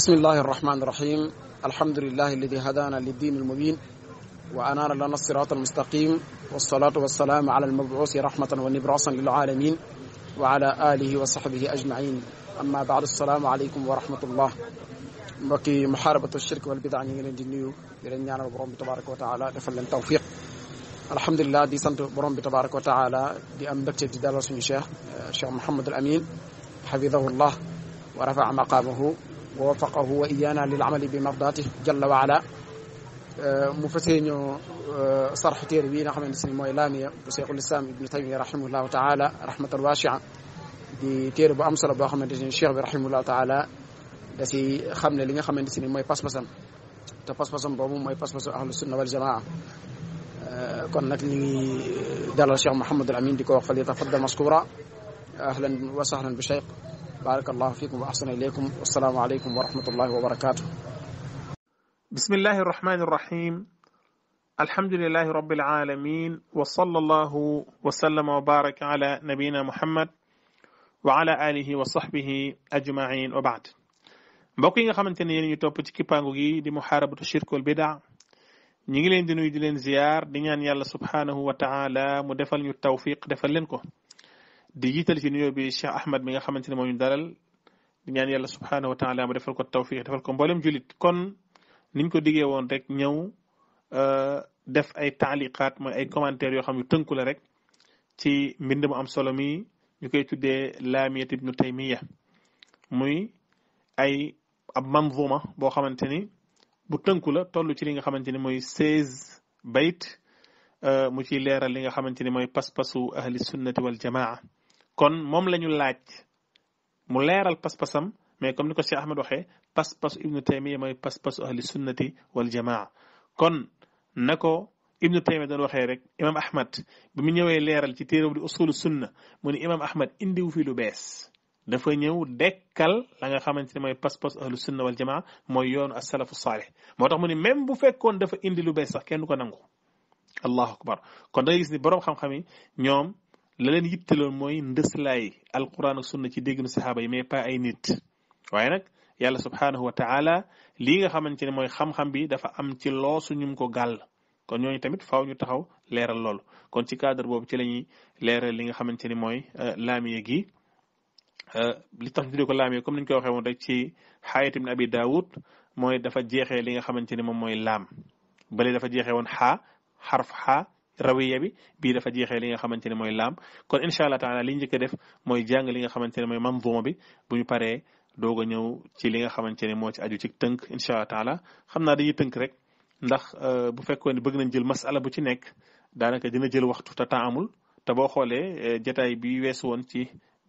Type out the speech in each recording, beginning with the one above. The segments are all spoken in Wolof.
بسم الله الرحمن الرحيم الحمد لله الذي هدانا للدين المبين وأنار لنا الصراط المستقيم والصلاة والسلام على المبعوث رحمة ونبراسا للعالمين وعلى آله وصحبه أجمعين أما بعد السلام عليكم ورحمة الله بكي محاربة الشرك والبدع نيلين دينيو يرنيانا وبرم تبارك وتعالى دفل التوفيق الحمد لله دي سنت برم تبارك وتعالى دي أمدك تدالة الشيخ محمد الأمين حفظه الله ورفع مقامه ووفقه وإيانا للعمل بمرضاته جل وعلا آه، مفسرين آه، صرح تيربي نحن نسمي مويلامي بسيق الإسلام ابن تيمية رحمه الله تعالى رحمة الواشعة دي تيربو أمسل أبو أحمد الشيخ رحمه الله تعالى دسي خمنا لنا خمنا نسمي موي باس باسم تباس باسم بابو موي باس باسم أهل السنة والجماعة آه، كنا نكني دال الشيخ محمد الأمين ديكو وقفل يتفضل مذكورا أهلا وسهلا بشيخ بارك الله فيكم وأحسن إليكم والسلام عليكم ورحمة الله وبركاته بسم الله الرحمن الرحيم الحمد لله رب العالمين وصلى الله وسلم وبارك على نبينا محمد وعلى آله وصحبه أجمعين وبعد mbokk yi nga xamante ne yéen ñu topp ci kippaangu gi di muxaarabatu shirkul bida ñi ngi leen di nuyu di leen ziyaar di ñaan yàlla subhanahu wa taala mu defal ñu tawfiq defal leen ko di jiital ci nuyoo bi Cheikh Ahmed mi nga xamante ne moo ñu dalal di ñaan yàlla subhanahu wa taala mu defal ko tawfiq defal ko mboolem julit kon niñ ko diggee woon rek ñëw def ay taaliqaat mooy ay commentaire yoo xam yu tënku la rek ci mbind mu am solo mi ñu koy tuddee laamiyat ibnu taymiya muy ay ab manzuma boo xamante ni bu tënku la toll ci li nga xamante ni mooy seize bayt mu ci leeral li nga xamante ni mooy pas-pasu ahli sunnati wal jamaa kon mom lañu laaj mu leral pass passam mais comme niko Cheikh Ahmed waxe pass pass ibnu taymiyyah moy pass pass ahli sunnati wal jamaa kon nako ibnu taymiyyah doon waxe rek imam ahmad bi mu ñëwee leeral ci téréw di usul sunna mu ni imam ahmad wu fi lu bees dafa ñëw dekkal la nga xamanteni moy pass pass ahli sunna wal jamaa mooy yoonu asalafu saalih moo tax mu ni même bu fekkoon dafa indi lu bes sax kenn du ko nangu allahu akbar kon da nga gis ni borom xam-xam yi la leen yitteloon mooy ndëslaay alquran ak sunna ci déggnu saxaaba yi mais pas ay nit waaye nag yàlla subhaanahu wa taala lii nga xamante ne mooy xam-xam bi dafa am ci loosu ñum ko gàll kon ñooñu tamit faaw ñu taxaw leeral loolu kon ci cadre boobu ci la ñuy leeral li nga xamante ni mooy euh, laamiye gi euh, li tax ñu tuddee ko laamiye comme niñ ko waxee woon rek ci xaayat ibn abi daawud mooy dafa jeexee li nga xamante ni moom mooy laam bële dafa jeexee woon xaa xarf xaa rawiya bi bii dafa jeexee li nga xamanteni moy mooy kon inshallah taala li njëkk a def moy jàng li nga xamanteni moy manzuma bi bu ñu paree a ñëw ci li nga xamanteni mo ci aju ci teunk inshallah taala xamna naa dañuy tënk rek ndax bu fekkone ne bëgg nañ jël masala bu ci nekk daanaka dina jël waxtu ta temps amul te boo xoolee bi weesu won ci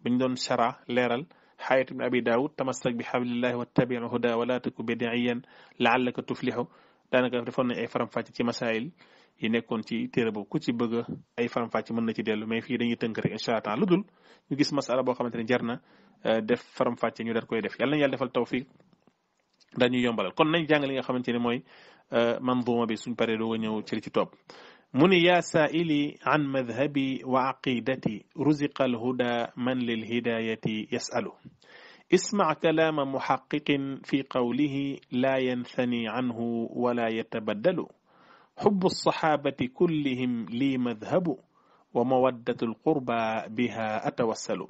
biñ doon chara leeral xaayat ibne abi daawud tamassak bi xablillahi wattabi huda wala taku bidiyan laallaka tuflihu daanaka defoon nañ ay faram ci masail yi nekkoon ci téere boobu ku ci bëgg ay faram-fàcc mën na ci dellu mais fii dañuy tënk rek incha allah lu dul ñu gis masala boo xamante ne jar na def faram-fàcc ñu daal koy def yàlla na yàlla defal taw tawfiq dañuy yombalal kon nañ jàng li nga xamante ne mooy man manzuma bi suñ paree doo ñëw ci li ci topp mu ni yaa saaili an madhabi wa aqidati ruziqa alhuda man lil hidayati yasalu اسمع كلام محقق في قوله لا ينثني عنه ولا يتبدل حب الصحابة كلهم لي مذهب ومودة القربى بها أتوسل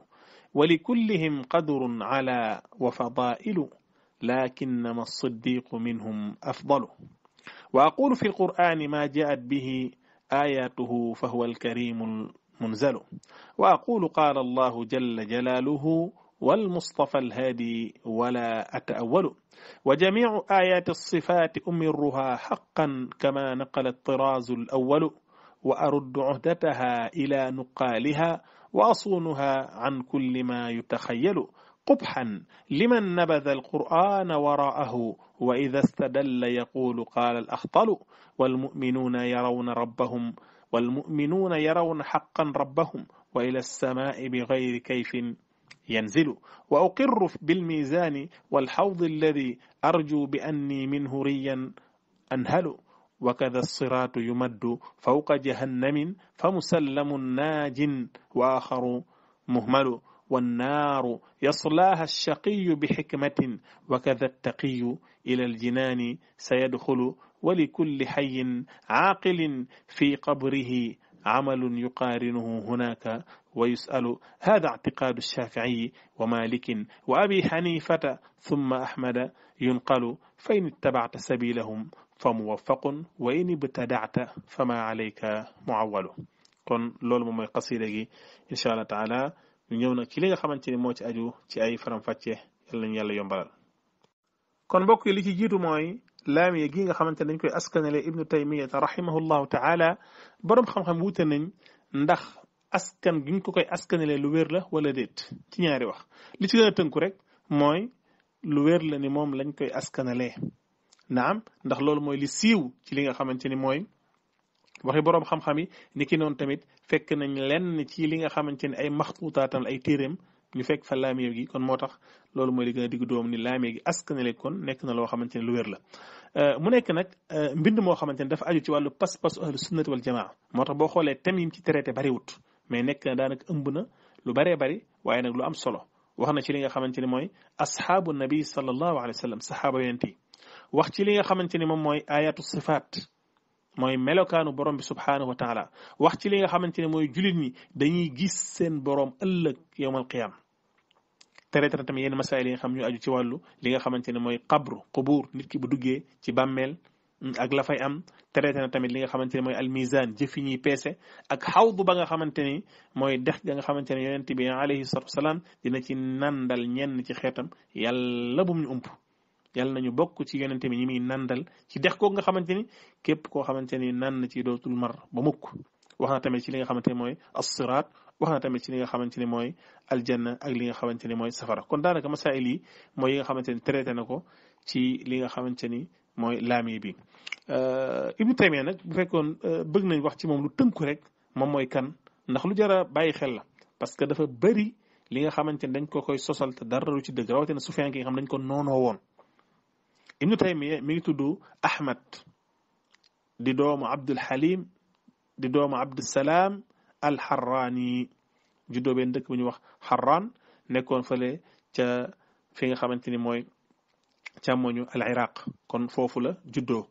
ولكلهم قدر على وفضائل لكنما الصديق منهم أفضل وأقول في القرآن ما جاءت به آياته فهو الكريم المنزل وأقول قال الله جل جلاله والمصطفى الهادي ولا أتأول وجميع آيات الصفات أمرها حقا كما نقل الطراز الأول وأرد عهدتها إلى نقالها وأصونها عن كل ما يتخيل قبحا لمن نبذ القرآن وراءه وإذا استدل يقول قال الأخطل والمؤمنون يرون ربهم والمؤمنون يرون حقا ربهم وإلى السماء بغير كيف ينزل وأقر بالميزان والحوض الذي أرجو بأني منه ريا أنهل وكذا الصراط يمد فوق جهنم فمسلم ناج وآخر مهمل والنار يصلاها الشقي بحكمة وكذا التقي إلى الجنان سيدخل ولكل حي عاقل في قبره عمل يقارنه هناك ويسأل هذا اعتقاد الشافعي ومالك وأبي حنيفة ثم أحمد ينقل فإن اتبعت سبيلهم فموفق وإن ابتدعت فما عليك معول كن لول ممي قصيدة إن شاء الله تعالى يونيونا كليجا خمانتين موت أجو تي أي فرم فاتيه يلن يلا يوم كن بوكي لكي جيتو موي laamiya gi nga xamante ne dañ koy askanale ibnu taymiyata rahimahullahu taala borom xam-xam wuute nañ ndax askan gi ñu ko koy askanale lu wér la wala déet ci ñaari wax li ci gën a tënku rek mooy lu wér la ni moom lañ koy askanalee naam ndax loolu mooy li siiw ci li nga xamante ni mooy waxi boroom xam-xam yi ni ki noonu tamit fekk nañ leen lenn ci li nga xamante ni ay maxtuutaatam ay téeréem ñu fekk fa laamee gi kon moo tax loolu mooy li gën a digg doom ni laamee gi askanale kon nekk na loo xamante ne lu wér la euh, mu nekk nag euh, mbind moo xamante ne dafa aju ci wàllu pas-pasu ahlu sunnati wal jamaa moo tax boo xoolee thème yi mu ci traité bariwut mais nekk na daanaka ëmb na lu baree bari waaye nag lu am solo wax na ci li nga xamante ni mooy asxaabu nabi sallallahu alayhi wa sallam saxaaba yonent yi wax ci li nga xamante ni moom mooy ayatu sifaat moy melokanu borom bi subhanahu wa taala wax ci li nga xamanteni moy julit ñi dañuy gis sen borom ëlëk yowmal qiyam tere tere tam yeen masaayil yi nga xam ñu aju ci walu li nga xamanteni moy qabr qubur nit ki bu duggé ci bammel ak la fay am tere tere tamit li nga xamanteni moy al mizan jëf yi pesé ak hawdu ba nga xamanteni moy mooy dex nga xamanteni ne yonent bi alayhi salatu wassalam dina ci nandal ñen ci xétam yàlla bu mu ñu ump yàlla ñu bokk ci yonente bi ñi muy nandal ci dex kooku nga xamante ni képp koo xamante ni nan na ci dootul mar ba mukk wax na tamit ci li nga xamante ne mooy assiraat wax na tamit ci li nga xamante ne mooy aljanna ak i nga xamante ne mooy safara kon daanaka masail yi mooy yi nga xamante ni traité na ko ci li nga xamante ni mooy laami bi euh, Ibnu Taymiya nag bu fekkoon euh, bëgg nañ wax ci moom lu tënku rek moom mooy kan ndax lu jara bàyyi xel la parce que dafa bëri li nga xamante ni dañ ko koy sosal te dara lu ci dëgg rawatina Sufyaan gi nga xam dañ ko noonoo woon ابن تيمية مين تدو أحمد دي دوم عبد الحليم دي دوم عبد السلام الحراني جدو بندك من يوخ حران نكون فلي تا فين خامنتيني موي تا مونيو العراق كون فوفو جدو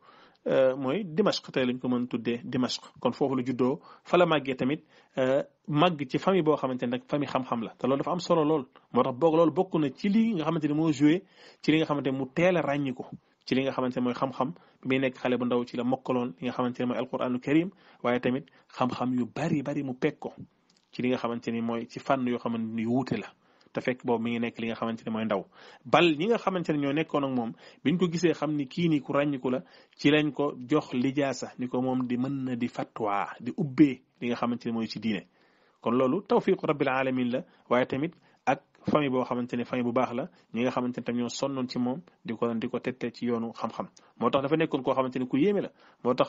Euh, mooy Dimashq tey lañ ko mën tuddee Dimashq kon foofu la juddoo fa la màggee tamit euh, magg ci famille boo xamante ne nag famille xam-xam la te loolu dafa am solo lool moo tax boog loolu bokk na ci li nga xamante ne moo joué ci li nga xamante ne mu teel a li nga xamante ne mooy xam-xam bi nekk xale bu ndaw ci la mokkaloon li nga xamante ne mooy alquranu karim waaye tamit xam-xam yu bari bari mu peg ko ci li nga xamante ni mooy ci fànn yoo xamante ni wuute la te fekk boobu mi ngi nekk li nga xamante ne mooy ndaw bal ñi nga xamante ne ñoo nekkoon ak moom biñ ko gisee xam ni kii nii ku ràññiku la ci lañ ko jox lijaa sax ni ko moom di mën na di fatwa di ubbee li nga xamante ne mooy ci diine kon loolu tawfiqu rabbil alamin la waaye tamit fami bo xamanteni fami bu bax la ñi nga xamanteni tam ñoo sonnon ci mom diko diko tette ci yoonu xam-xam motax dafa nekkon ko xamanteni ku yeme la motax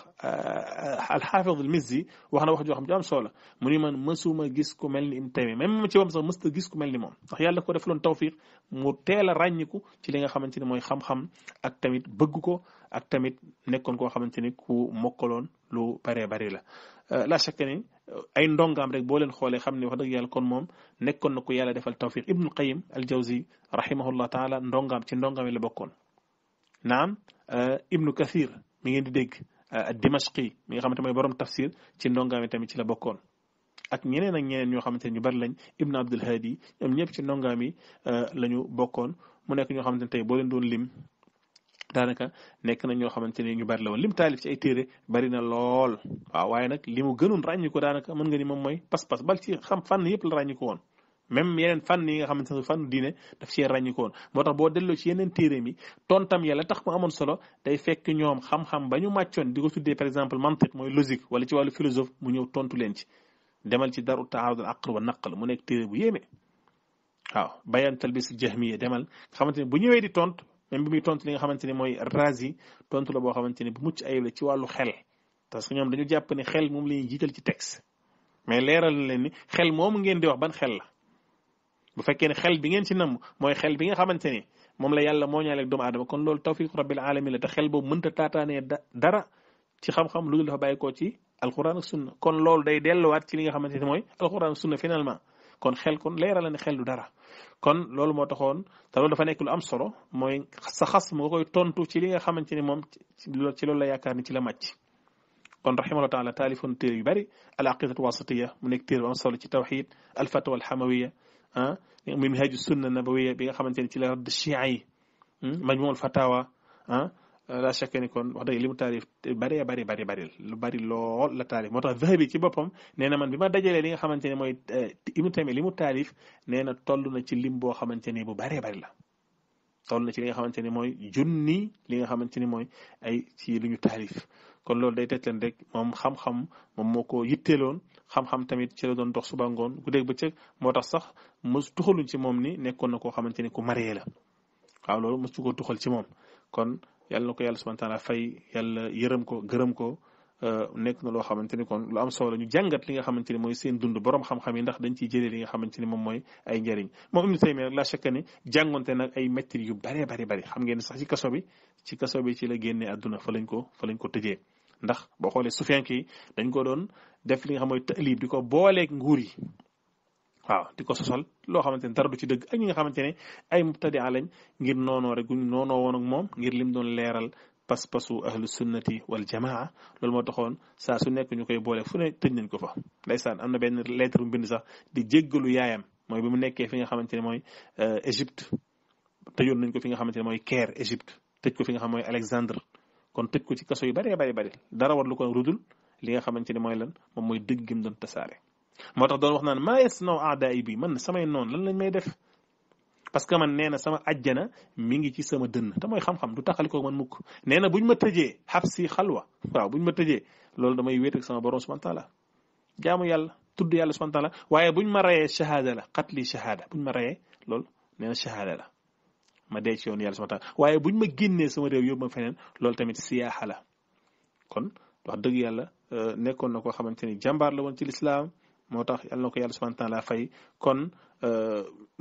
al hafiz al mizzi waxna wax jo xam jam solo muni man masuma gis ku melni im taymi même ci wam sax musta gis ku melni mom moom yàlla ko defaloon tawfiq mu teela ragniku ci li nga xamanteni moy xam-xam ak tamit bëgg ko ak tamit nekkon ko xamanteni ku mokkaloon lu bare bare la la chaque ni ay ndongaam rek boo leen xoolee xam ne wax dëgg yàlla kon moom nekkoon na ko yàlla defal tawfiq ibnul qayim al jawzi rahimahullah taala ndongaam ci ndongaam la bokkoon naam euh, ibnu kathir mi ngeen di dégg euh, dimashqi mi nga xamante mooy borom tafsir ci ndongaam yi tamit ci la bokkoon ak ñeneen ak ñeneen ñoo xamante ne ñu bari lañ ibnu abdul hadi ñoom ñëpp ci ndongaam yi euh, la ñu bokkoon mu nekk ñoo xam ne tey boo leen doon lim daanaka nekk na ñoo xamante ne ñu bari la woon li taalif ci ay téere bari lool waaw waaye nag li mu gënoon daanaka mën nga ni moom mooy pas-pas bal ci xam fan yëpp la ràññi ko woon même yeneen fànn yi nga xamante ne moo tax boo delloo ci yeneen téere mi tontam yàlla tax mu xam-xam ba ñu màccoon di ko tuddee par exemple mantiq mooy logique wala ci wàllu philosophe mu ñëw tontu leen ci demal ci daru taarud al aql wa mu nekk téere bu yéeme waaw bayan talbis jahmiya demal nga xamante ne bu ñëwee di tontu même bi muy tontu li nga xamanteni moy razi tontu la bo xamanteni bu mucc ayib la ci walu xel parce que ñom dañu jàpp ni xel mom lañu jital ci texte mais leral na len ni xel mom ngeen di wax ban xel la bu fekkee ni xel bi ngeen ci nam moy xel bi nga xamanteni mom la yàlla moo ñaaleeg doom adama kon lool tawfiq rabbil alamin la ta xel boobu mënta tatane dara ci xam-xam lu dafa bayiko ci alquran ak sunna kon lool day delu wat ci li nga xamanteni moy alquran sunna finalement kon xel kon leral na ni xel du dara kon loolu moo taxoon te loolu dafa nekk lu am solo mooy sa xas mu koy tontu ci li nga xamante ni moom ci loolu la yaakaar ni ci la màcc kon rahimahullah taala talifun téere yu bari al aqidatu wasatiya mu nekk téere bu am solo ci tawhid al fatwa al xamawiya ah minhaju sunna nabawiya bi nga xamante ni ci la radd chia yi al fatawa han Euh, la chaque ni kon wax dëgg li mu taarif bëree bëri bëri bëri lu bëri lool la taarif moo tax Zahabi ci boppam nee na man bi ma dajalee li nga xamante ne mooy euh, Ibnu Taymiya li mu taarif nee na toll na ci lim boo xamante ne bu bëree bëri la toll na ci li nga xamante ne mooy junni li nga xamante ne mooy ay ci lu ñu taarif kon loolu day teg leen rek moom xam-xam moom moo ko yitteeloon xam-xam tamit ci la doon dox suba ngoon ba bëccëg moo tax sax mos tuxaluñ ci moom ni nekkoon na koo xamante ni ku maree la waaw loolu mos ko tuxal ci moom kon yàlla na ko yàlla subhanahu wa taala fay yàlla yërëm ko gërëm ko euh, nekk na loo xamante ni kon lu am solo la ñu jàngat li nga xamante ni mooy seen dund borom xam yi ndax dañ ciy jëlee li nga ni moom mooy ay njëriñ moom Ibnu Taymiya nag la chaque ni ay métti yu bare bari bari xam ngeen sax ci kaso bi ci kaso bi ci la génnee àdduna fa lañ ko fa lañ ko tëjee ndax boo xoolee sufiyank yi dañ ko doon def li nga xam mooy taalib di ko booleeg nguur yi waaw di ko sosal loo xamante ne dara du ci dëgg ak ñi nga xamante ne ay mubtadi lañ ngir noonoo rek noonoo woon ak moom ngir lim doon leeral pas-pasu ahlu sunnati wal jamaa loolu moo taxoon saa su nekk ñu koy boole fu ne tëj nañ ko fa ndeysaan am na benn lettre bu sax di jéggalu yaayam mooy bi mu nekkee fi nga xamante ne mooy euh, Égypte tëjoon nañ ko fi nga xamante ne mooy Caire Égypte tëj ko fi nga xam mooy Alexandre kon tëj ko ci kaso yu bëree bëri bëri dara war ko rudul li nga xamante ne mooy lan moom mooy dëgg gi mu doon motax doon wax naan maa yasnaw aadaay bi man samay non lan lañ may def parce que man neena sama aljana mi ngi ci sama deun ta moy xam-xam du taxalikoo man mukk neena buñ ma tëjee hafsi khalwa waaw buñ ma tëjee lol damay wete sama borom subhanahu wa taala jaamu yàlla tuddu yàlla subhanahu wa taala waye buñ ma raye shahada la qatli shahada buñ ma raye lol neena shahada la ma de ci yoon yàlla subhanahu wa taala waye buñ ma genné sama rew yóbbu ma feneen loolu tamit siyaaxa la kon wax deug yàlla nekkon na koo xamante ni la won ci l'islam moo tax yàlla na ko yàlla subhanahu wa taala fay kon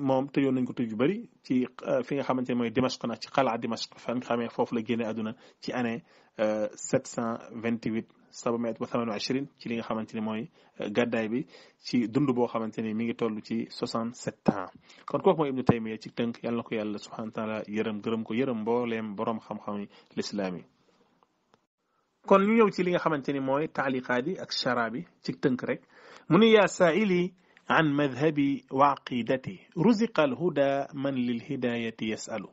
moom tëjoon nañ ko tëj yu bëri ci fi nga xamante ne mooy Dimashq nag ci xalaa Dimashq fa nga xamee foofu la génne àdduna ci année 728 728 ci li nga xamante ne mooy gàddaay bi ci dund boo xamante ni mi ngi toll ci 67 ans kon kooku mooy Ibnu Taymiya ci tënk yàlla na ko yàlla subhanahu wa taala yërëm gërëm ko yërëm mbooleem borom xam-xam yi lislaam yi kon ñu ñëw ci li nga xamante ni mooy taaliqaat yi ak chara bi ci tënk rek مني يا سائلي عن مذهبي وعقيدتي رزق الهدى من للهداية يسأل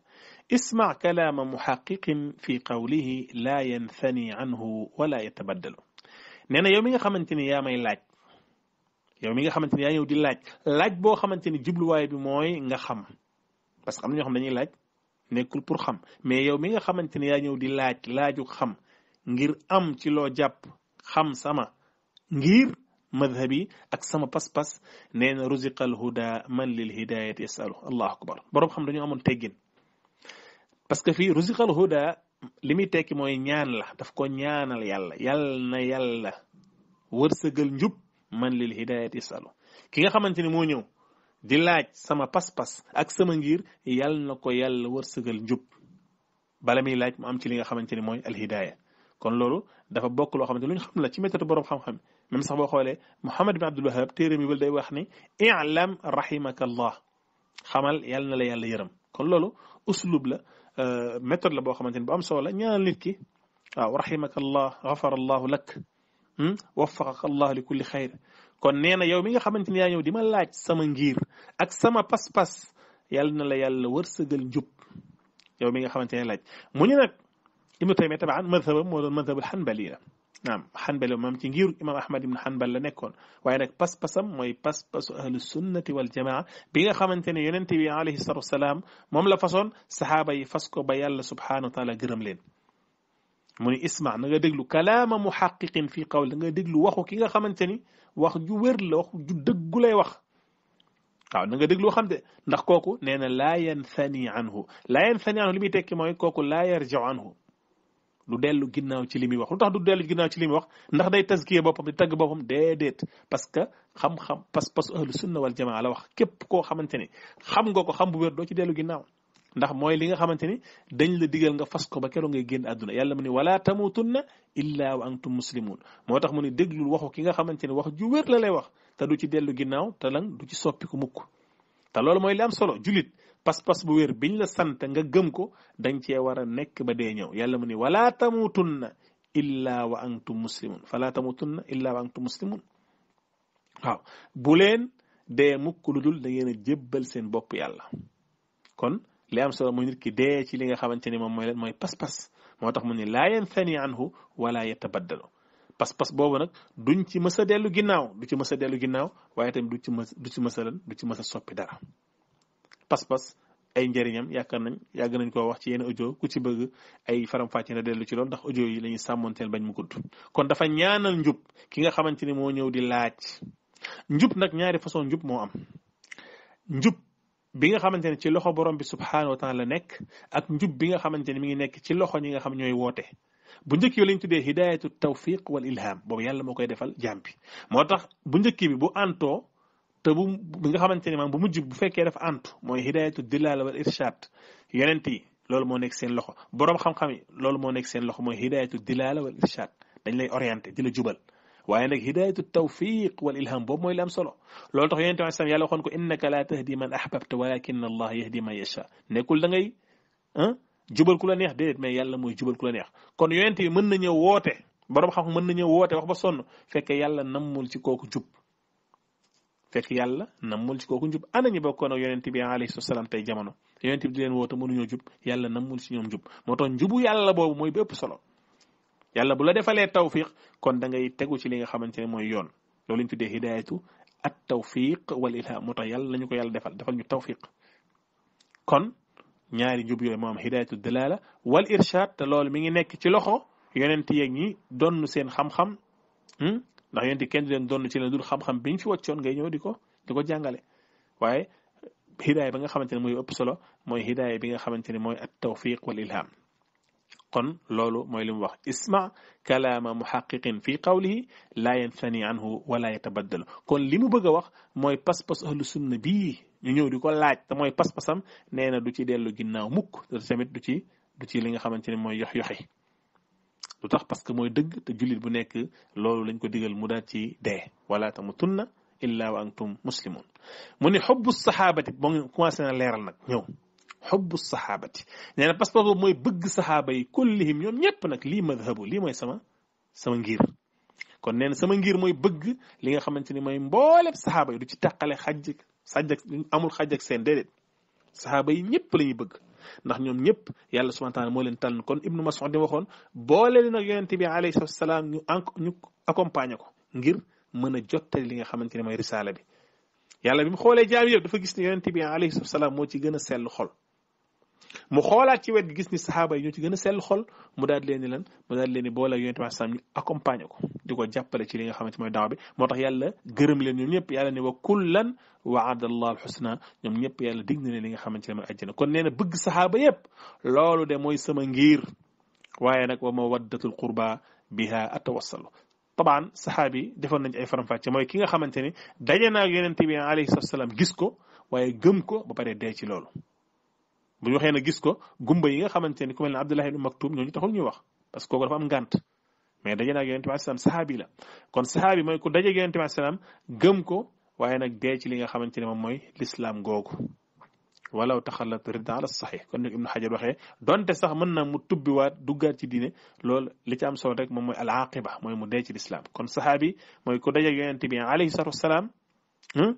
اسمع كلام محقق في قوله لا ينثني عنه ولا يتبدل نينا يومي خمنتني يا ماي لاج يومي خمنتني يا يودي لاج لاج بو خمنتني جبل واي بموي موي nga xam parce que amna ñu xam dañuy laaj nekul pour xam mais yow mi nga xamanteni ya ñew di laaj laaju xam ngir madhabi ak sama pas-pas nee na ruziqal huda man lil hidayat yasalu allahu akbar boroom xam dañu amoon teggin parce que fii ruziqal huda li muy tekki mooy ñaan la daf ko ñaanal yàlla yàlla na yàlla wërsëgal njub man lil hidayat yasalu ki nga xamante ni moo ñëw di laaj sama pas ak sama ngir yàlla na ko yàlla wërsëgal njub bala muy laaj mu am ci li nga xamante ni mooy alhidaaya kon loolu dafa bokk loo xamante ni ñu xam la ci méthode boroom xam-xam même sax boo xoolee Muhammad bin Abdul Wahab téere bi day wax ni i'lam rahimaka Allah xamal yàlla na la yàlla yërëm kon loolu uslub la méthode la boo xamante ni bu am solo la ñaanal nit ki waaw rahimaka Allah ghafara Allahu lak waffaqaka Allah li kulli xayr kon nee na yow mi nga xamante ni yaa ñëw di ma laaj sama ngir ak sama pas-pas yàlla na la yàlla wërsëgal njub yow mi nga xamante ne laaj mu ñu nag Ibnu Taymiya tabaan madhabam moo doon madhabul hanbali la نعم حنبل امام تنجير امام احمد بن حنبل لنكون نيكون بس نك باس بس بس اهل السنه والجماعه بيغا خامتني يونتي بي عليه الصلاه والسلام موم لا فاسون صحابه يفسكو با يالا سبحانه وتعالى غرم لين موني اسمع نغا دغلو كلام محقق في قول نغا دغلو واخو كيغا خامتني واخ جو وير لا واخ جو دغ لاي واخ waaw na nga déglu xam de ndax kooku nee na laa yan thani anhu laa yan thani anhu li muy tekki mooy kooku du delu ginnaw ci limi wax lutax du delu ginnaw ci limi wax ndax day tazkiya bopam di tag bopam dedet parce que xam-xam pas pas ahlu sunna wal jamaa la wax kep ko xamanteni xam nga ko xam bu wér do ci delu ginnaw ndax moy li nga xamanteni dañ la digal nga fas ko ba kero ngay génn aduna yàlla muni wala tamutunna illa wa antum muslimun motax muni déglul waxu ki nga xamanteni wax ju wér la lay wax ta du ci delu ginnaw ta lan du ci soppiku mukk ta lolou moy li am solo julit pas-pas bu wér biñ la sant nga gëm ko dañ cee war a nekk ba dee ñëw yàlla mu ni wala tamutunna illa wa antum muslimun fala waaw bu leen dee mukk lu dul da ngeen a jëbbal seen bopp yàlla kon li am solo mu nit ki dee ci li nga xamante ni moom mooy leen mooy pas-pas moo tax mu ne laa yanfani anhu wala yatabaddalu pas-pas boobu nag duñ ci mës a dellu ginnaaw du ci mësa dellu ginnaaw waaye tamit du ci mës du ci mës du ci mës a soppi dara pas-pas ay njëriñam yaakaar nañ yàgg nañ koo wax ci yenn audio ku ci bëgg ay faram-fàcce dellu ci lool ndax audio yi la ñuy sàmmoonteel bañ mu gudd kon dafa ñaanal njub ki nga xamante ni moo ñëw di laaj njub nag ñaari façon njub moo am njub bi nga xamante ne ci loxo borom bi subhaanahu wa taala la nekk ak njub bi nga xamante ni mi ngi nekk ci loxo ñi nga xam ñooy woote bu njëkk yi lañ tuddee hidayatu tawfiq wal ilham boobu yàlla moo koy defal jàmbi moo tax bu njëkk bi bu antoo te bu bi nga xamante ni maam bu mujj bu fekkee dafa antu mooy hidayatu dilaala wal irshad yonent yi loolu moo nekk seen loxo borom xam-xam yi loolu moo nekk seen loxo mooy hidayatu dilaala wal irshad dañ lay orienté di la jubal waaye nag hidayatu tawfiq wal ilham boobu mooy li am solo loolu tax yonent bi sallam yàlla waxoon ko innaka laa tahdi man ahbabta walakin allah yahdi man yasha nekkul da ngay ah jubal ku la neex déedéet mais yàlla mooy jubal ku la neex kon yonent yi mën na ñëw woote borom xam-xam mën na ñëw woote wax ba sonn fekkee yàlla nammul ci kooku jub fekk yàlla nammul ci kooku njub ana ñi bokkoon ak yonent bi alayhi salaam tey jamono yonent bi di leen woote mënuñoo jub yàlla nammul ci ñoom jub moo tax njubu yàlla boobu mooy bépp solo yàlla bu la defalee tawfiq kon da ngay tegu li nga xamante ne mooy yoon loolu ñu tuddee hidayatu at tawfiq wal ilham moo tax yàlla nañu ko yàlla defal defal ñu tawfiq kon ñaari njub yooyu moom hidayatu dalala wal irshad te loolu mi ngi nekk ci loxo yonent yeeg ñi donn seen xam-xam hmm? ndax yonent kenn du leen doon ci leen dul xam-xam bi ñu fi wàccoon ngay ñëw di ko di ko jàngale waaye hidaaya ba nga xamante ne mooy ëpp solo mooy hidaaya bi nga xamante ne mooy at tawfiq wal ilham kon loolu mooy li mu wax isma kalaama muhaqiqin fi qawlihi laa yanfani anhu wala yatabaddalu kon li mu bëgg a wax mooy pas-pas ahlu sunna bii ñu ñëw di ko laaj te mooy pas-pasam nee na du ci dellu ginnaaw mukk te tamit du ci du ci li nga xamante ne mooy yox yoxi lu tax parce que mooy dëgg te jullit bu nekk loolu lañ ko digal mu daal ci dee wala tamutunna illa wa antum muslimun mu ne xubbu saxaabati ba nga commencé na leeral nag ñëw xubbu saxaabati nee na passeport boobu mooy bëgg saxaaba yi kullihim ñoom ñëpp nag lii madhabu lii mooy sama sama ngir kon nee na sama ngir mooy bëgg li nga xamante ni mooy mbooleb saxaaba yi du ci tàqale xaj sàjj ak amul xaj ak seen déedéet saxaaba yi ñëpp la ñuy bëgg ndax ñoom ñëpp yàlla subhanahu wa moo leen tànn kon ibnu Mas'ud di waxoon boole leen ak yonente bi alayhi salaam ñu ñu accompagner ko ngir mën a jot jottali li nga xamante ne mooy risaala bi yàlla bi mu xoolee jaam yëpp dafa gis ne yonente bi alayhi salaam moo ci gën a sell xol mu xoolaat ci wet gi gis ni saxaaba yi ñoo ci gën a sell xol mu daal leen ni lan mu daal leen ni boole ak yonent bi sam ñu accompagner ko di ko jàppale ci li nga xamante mooy daaw bi moo tax yàlla gërëm leen ñoom ñëpp yàlla ne wa kullan waada allah alxusna ñoom ñëpp yàlla dig na leen li nga xamante ne mooy àjjana kon nee na bëgg saxaaba yëpp loolu de mooy sama ngir waaye nag wa mawaddatul qurba biha atawassalu tabaan saxaabi defoon nañ ay faram mooy ki nga xamante ni daje naa ak yonent bi alayhi salaam gis ko waaye gëm ko ba pare dee ci loolu bu ñu waxee na gis ko gumba yi nga xamanteni ku melni abdullah ibn maktum ñooñu taxul ñu wax parce que kooku dafa am ngànt mais daje na yonente bi sallam sahabi la kon sahabi moy ku daje yonente bi sallam gëm ko waye nak dé ci li nga xamanteni mom moy l'islam lislaam walaw takhallat ridda ala sahih kon ibn hajar waxé donte sax mën na mu tubbi tubbiwaat duggaat ci diine lool li ci am solo rek mom moy al aqiba moy mu dé ci l'islam kon sahabi moy ku daje yonente bi alayhi salatu wassalam hmm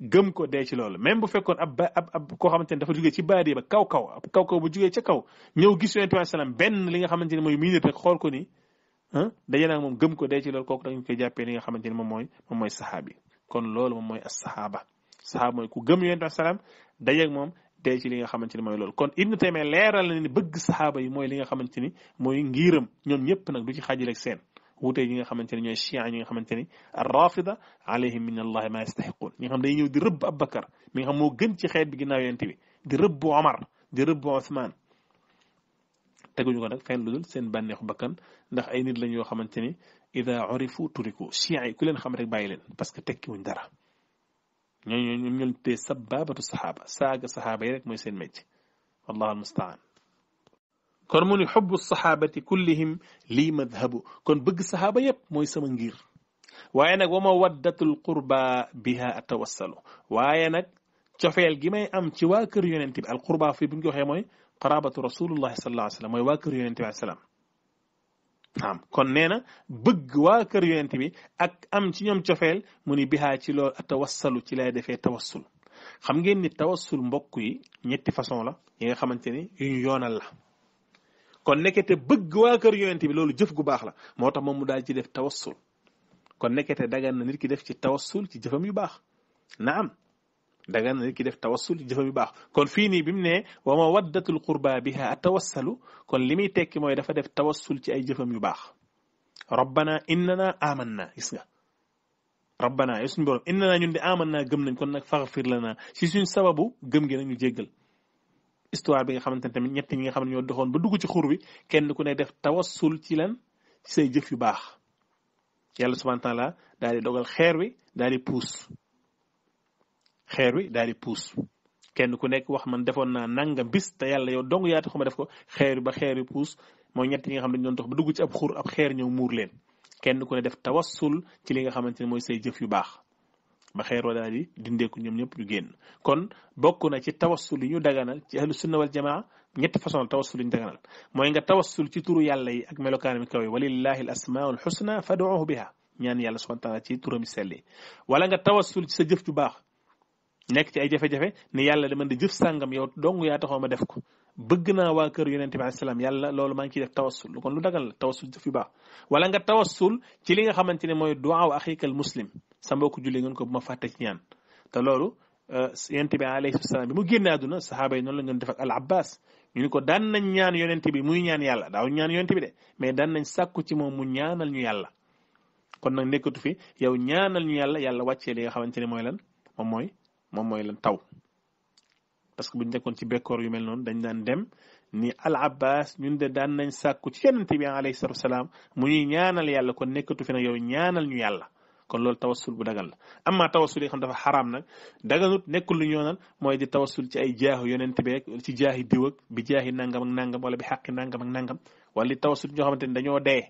gëm ko dee ci loolu même bu fekkoon ab ba ab ab koo xamante ne dafa jugee ci baadee ba kaw kaw ab kaw kaw bu jugee ca kaw ñëw gis yonent bi salaam benn li nga xamante ne mooy minute rek xool ko ni ah daje moom gëm ko dee ci loolu kooku dañu koy jàppee li nga xamante ne moom mooy moom mooy saxaabi kon loolu moom mooy a saxaaba saxaaba mooy ku gëm yonent bi salaam daje moom dee ci li nga xamante ni mooy loolu kon Ibnu Taymiya leeral na ni bëgg saxaaba yi mooy li nga xamante ni mooy ngiiram ñoom ñëpp nag du ci xaajal ak seen wuute ñi nga xamante ne ñooy chia ñi nga xamante ni arrafida alayhim min allahi ma yastahiqun ñi nga xam day ñëw di rëbb Abubakar mi nga xam moo gën ci xeet bi ginnaaw yent bi di rëbb Omar di rëbb Ousmane teguñu ko nag fenn lu dul seen bànneexu bakkan ndax ay nit lañ yoo xamante ni ida urifu turiku chia yi ku leen xam rek bàyyi leen parce que tekki wuñ dara ñooñu ñoom ñoo tee sababatu sahaba saaga sahaba yi rek mooy seen métier wallahu almustaan kon mu ni xubbu saxaabati kullihim lii madhabu kon bëgg saxaaba yépp mooy sama ngir waaye nag wa ma waddatul qurba biha atawassalu waaye nag cofeel gi may am ci waa kër yonente bi al qurba fii bu ñu ko waxee mooy qarabatu rasulullahi sallallahu alayhi wasallam mooy waa kër yonente bi alayhi naam kon nee na bëgg waa kër yonente bi ak am ci ñoom cofeel mu ni bihaa ci loolu atawassalu ci lay defee tawassul xam ngeen ni tawassul mbokk yi ñetti façon la yi nga xamante ni yu ñu yoonal la kon nekete bëgg wa kër yonent bi loolu jëf gu baax la moo mom mu daal ci def tawassul kon nekete dagan na nit ki def ci tawassul ci jëfam yu baax naam dagan na nit ki def tawassul ci jëfam yu baax kon fii nii bi mu ne wa ma waddatul qurba biha atawassalu kon li muy tekki mooy dafa def tawassul ci ay jëfam yu baax rabbana innana amanna gis nga rabbana yow suñu borom innana ñun de amanna gëm nañ kon nag faghfir lana si suñ sababu gëm gi nañu jéggal histoire bi nga xamante ne tamit ñett ñi nga xam ne ñoo doxoon ba dugg ci xur wi kenn ku ne def tawassul ci lan say jëf yu baax yàlla subhana taala daal xeer wi daal di puus wi daal di puus kenn ku nekk wax man defoon naa nangam bis te yàlla yow dong yaata xuma def ko xeer ba xeer wi puus mooy ñett ñi xam ne dañu doon dox dugg ci ab xur xeer ñëw muur leen kenn ku ne def tawassul ci li nga xamante ne mooy say jëf yu baax ba xeeroo daal di dindeeku ñoom ñëpp ñu génn kon bokk na ci tawassul yi ñu daganal ci ahlu sunna wal jamaa ñetti façon tawassul yi ñu daganal mooy nga tawassul ci turu yàlla yi ak melokaan mi kaw yi walillahi al asmaul xusna faduuhu biha ñaan yàlla subhana taala ci turam yi sell yi wala nga tawassul ci sa jëf ju baax nekk ci ay jafe-jafe ne yàlla da man di jëf sàngam yow dong yaa taxoo ma def ko bëgg naa waa kër yonent bi alayhi salaam yàlla loolu maa ngi ciy def tawassul lu kon lu dagal la tawassul daf fi baax wala nga tawassul ci li nga xamante ne mooy duwaaw axikal muslim sa mbokku julli ngeen ko bu ma fàtte ci ñaan te loolu euh, yonent bi alayhi salaam bi mu génne àdduna saxaaba yi noonu la ñu doon def ak al abbas ñu ni ko daan nañ ñaan yonent bi muy ñaan yàlla daaw ñaan yonent bi de mais daan nañ sàkku ci moom mu ñaanal ñu yàlla kon nag nekkatu fi yow ñaanal ñu yàlla yàlla wàccee li nga xamante ne mooy lan moom mooy moom mooy lan taw parce que buñ nekkoon ci bekkoor yu mel noonu dañ daan dem ni al abbas ñun de daan nañ sàkku ci yonente bi alayhi salatu wasalaam mu ñuy ñaanal yàlla kon nekkatu fi nag yow ñaanal ñu yàlla kon loolu tawassul bu dagal la amma tawassul yi xam dafa xaraam nag daganut nekkul lu ñoonal mooy di tawassul ci ay jaahu yonente bi rek ci jaahi diw ak bi jaahi nangam ak nangam wala bi xaqi nangam ak nangam wala di tawassul ñoo xamante dañoo dee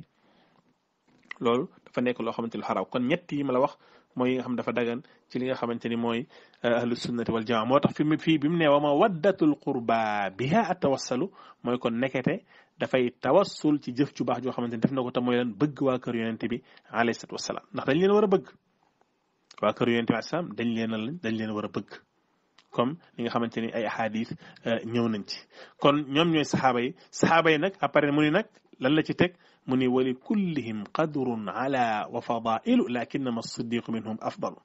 loolu dafa nekk loo xamante lu xaraam kon ñett yi ma la wax moy nga xam dafa dagan ci li nga xamanteni moy ahlus sunnati wal jamaa motax fi fi bim ne wa waddatul qurba biha atawassalu moy kon nekete da fay tawassul ci jëf ci bax jo xamanteni def nako ta moy lan bëgg wa kër yonent bi alayhi salatu wassalam ndax dañ leen wara bëgg wa kër yonent bi assalam dañ leen dañ leen wara bëgg comme li nga xamanteni ay ahadith ñëw nañ ci kon ñom ñoy sahaba yi sahaba yi nak après mu ni nak lan la ci tek من ولكلهم قدر على وفضائل لكنما الصديق منهم أفضل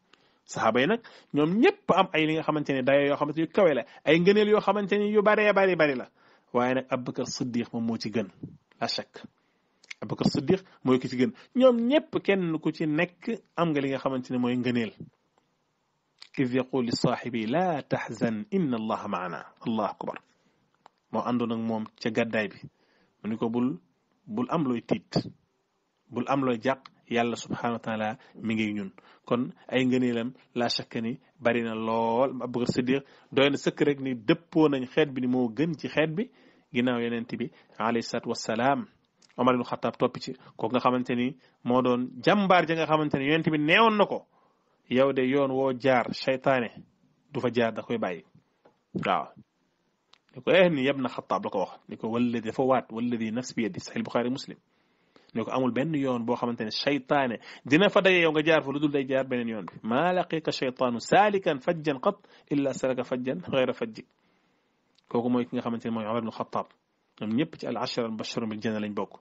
صحابينا نعم نيب أم أي لغا خمانتيني دايا يو خمانتيني كويلة أي نغنيل يو خمانتيني يو باري باري باري لا وانا أبك الصديق مموتي جن لا شك أبك الصديق مموتي جن نعم نيب كن نكوتي نك أم غلغا خمانتيني مو ينغنيل إذ يقول لصاحبي لا تحزن إن الله معنا الله أكبر مو عندنا نغموم تجد دايبي منيكو بول bul am looy tiit bul am looy jàq yàlla subhanahu wa taala mi ngi ñun kon ay ngëneelam laa shakka ni bari na lool abubakar siddiq doy na sëkk rek ni dëppoo nañ xeet bi ni moo gën ci xeet bi ginnaaw yonent bi alayhi salaatu wassalaam omar ibnu xataab topp ci ko nga xamante ni moo doon jàmbaar ja nga xamante ni yonent bi neewoon na ko yow de yoon woo jaar seytaane du fa jaar da koy bàyyi waaw نقول إيه يا ابن خطاب لك واخ نقول والذي فوات والذي نفس بيده صحيح البخاري مسلم نقول أمول بن يون بو خمنتين الشيطان دينا فدا يوغا جار فلو دول داي جار بنين يون ما لقيك الشيطان سالكا فجا قط إلا سلك فجا غير فج كوكو موي كيغا خمنتين موي عمر بن الخطاب نيب تي ci المبشرون بالجنه لاني بوكو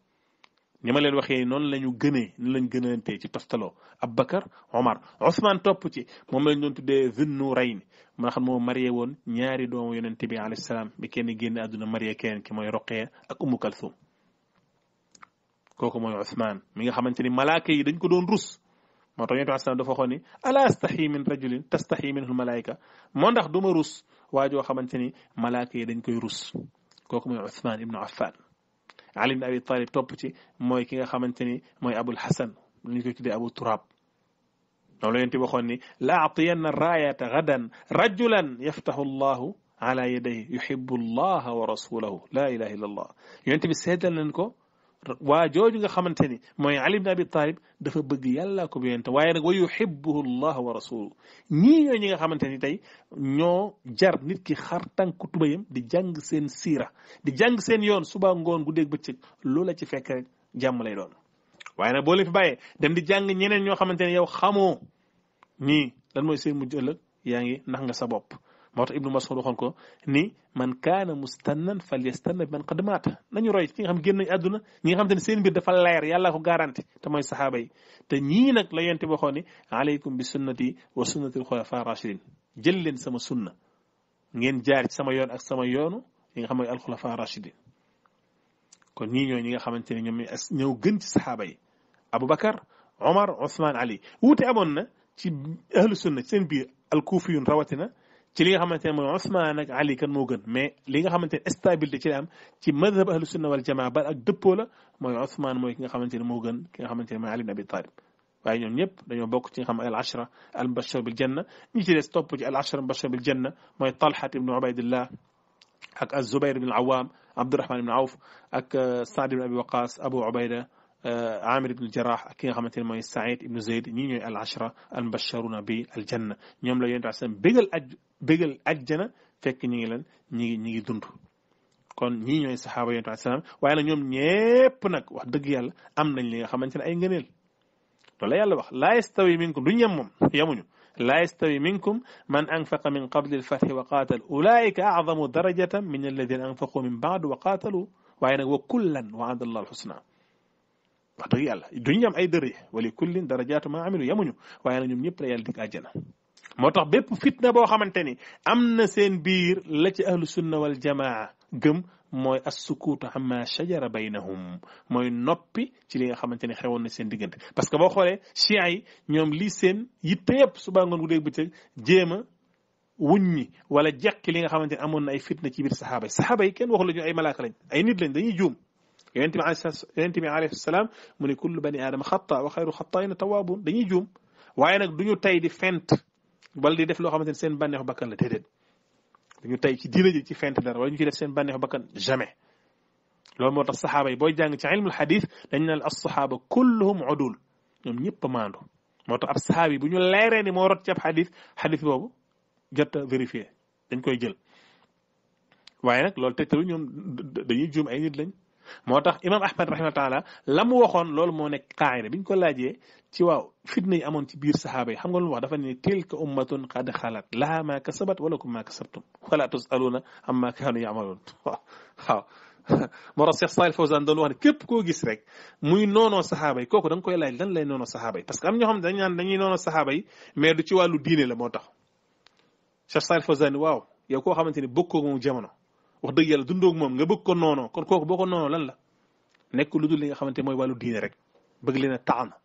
ni ma leen waxee noonu la ñu gënee ni lañ gënante ci toftaloo abubakar omar ousmane topp ci moom lañ doon tuddee zinnu rayn ma xam moo marié woon ñaari doomu yonente bi alayhi salaam bi kenn génn àdduna marié keneen ki mooy roqee ak umu kalsum kooku mooy ousmane mi nga xamante ni malaaka yi dañ ko doon rus moo tax yonente alayhi dafa waxoon ni ala astahi min rajulin tastahi minhu malaayika moo ndax du ma rus waa joo xamante ni malaaka yi dañ koy rus kooku mooy ousmane ibnu affan علي بن ابي طالب توبتي موي كيغا خامتاني موي ابو الحسن نيو كوي تدي ابو تراب لو لنتي واخون ني لا اعطين الرايه غدا رجلا يفتح الله على يديه يحب الله ورسوله لا اله الا الله يعني بالسيد لنكو waa jooju nga xamante ni mooy Ali ibn Abi Talib dafa bëgg yàllaa ko yonent waaye nag wa yuhibbuhu llah wa rasuluhu ñii ñooy ñi nga xamante ni tey ñoo jar nit ki xar tànku tubayam di jàng seen siira di jàng seen yoon suba ngoon guddeeg bëccëg la ci fekk rek jàmm lay doon waaye nag boo leen fi bàyyee dem di jàng ñeneen ñoo xamante ne yow xamoo ñii lan mooy seen mujj ëllëg yaa ngi nax nga sa bopp موت ابن مسعود وخونكو ني من كان مستنن فليستن بمن قد مات نانيو روي كيغام ген ادنا ني خام تاني سين بير دافا لير يالا كو غارانتي تا موي صحابه يي تا ني نك لا يانتي بخوني عليكم بسنتي وسنه الخلفاء الراشدين جيل لين سما سنه نين جار سما يون اك سما يونو ني خام الخلفاء الراشدين كون ني نيو نيغا خام تاني نيو نيو ген سي صحابه يي ابو بكر عمر عثمان علي ووتي امون تي اهل السنه سين بير الكوفيون رواتنا ci li nga xamante ne mooy Ousmane ak Ali kan moo gën mais li nga xamante ne stabilité ci la am ci madhab ahlu sunna wal jamaa ba ak dëppoo la mooy Ousmane mooy ki nga xamante ne moo gën ki nga xamante ne mooy Ali Nabi Talib waaye ñoom ñëpp dañoo bokk ci nga xam al ashra al mubashar bil janna ñi ci des topp ci al ashra al mubashar bil janna mooy Talhat ibn Ubaydillah ak az Zubayr ibn Awam Abdurahman ibn Awf ak Saad ibn Abi Waqas Abu Ubayda عامر بن الجراح كي خامتين موي سعيد بن زيد ني نيو العشره المبشرون بالجنه نيوم لا يونس بيغل بغل اجنا فك نيغي لن نيغي كون ني نيو صحابه يونس عليه السلام واي نيوم نييب نك واخ ام نان لي اي غنيل لا يالا واخ لا يستوي منكم دو نيمم يامونو لا يستوي منكم من انفق من قبل الفتح وقاتل اولئك اعظم درجه من الذين انفقوا من بعد وقاتلوا واين وكلا وعد الله الحسنى واخ دغ يالا اي دري ولكل درجات ما عملوا يامونو واي لا نيوم نييب لا يالا motax bépp fitna bo xamanteni amna sen bir la ci ahlus sunna wal jamaa gëm moy as assukuutu amma shajara baynahum moy nopi ci li nga xamanteni xewon na sen diggante parce que bo xolé shia yi ñom li sen yitte yep suba ngoon gu dégg bëccëg jéem a wuññi wala jekk li nga xamanteni amon na ay fitna ci bir sahaba yi sahaba yi ken waxu la ñu ay malaaka lañ ay nit lañ dañuy joom yonente bi alayhi salam mu kullu bani adam khata wa khayru khata'in tawwabun dañuy joom waye nak duñu tay di fente bal di def lo xamanteni seen bànneexu bakkan la dedet dañu tay ci diina ji ci fent dara wala ñu ci def seen bànneexu bakkan jamais loolu moo tax saxaaba yi boy jàng ci ilmul hadith dañ na as sahaba kulluhum udul ñom ñëpp maandu moo tax ab sahabi bu ñu léré ni mo rot ci hadith hadith bobu boobu jot a dañ koy jël waye nak loolu tegtalu ñom dañuy joom ay nit lañ moo imam ahmad rahimahullah taala la mu waxoon loolu moo nekk qaayida bi ñu ko laajee ci waaw fitna yi amoon ci biir sahaaba yi xam nga lu wax dafa ne tilka ummatun qad xalat laha ma kasabat wala kum ma kasabtum wala tusaluna amma kaanu yaamaloon waaw waaw moo tax Cheikh Salih Fawzan doon wax ne képp koo gis rek muy noonoo saxaaba yi kooku da nga koy laaj lan lay noonoo saxaaba yi parce que am ñoo xam dañ naan dañuy noonoo saxaaba yi mais du ci wàllu diine la moo tax Cheikh Salih Fawzan yow koo xamante ni bokkoo jamono wax dëgg yàlla dundoog moom nga bëgg ko noonu kon kooku boo ko noonu lan la nekk lu dul li nga xamante mooy wàllu diine rek bëgg leen a taxana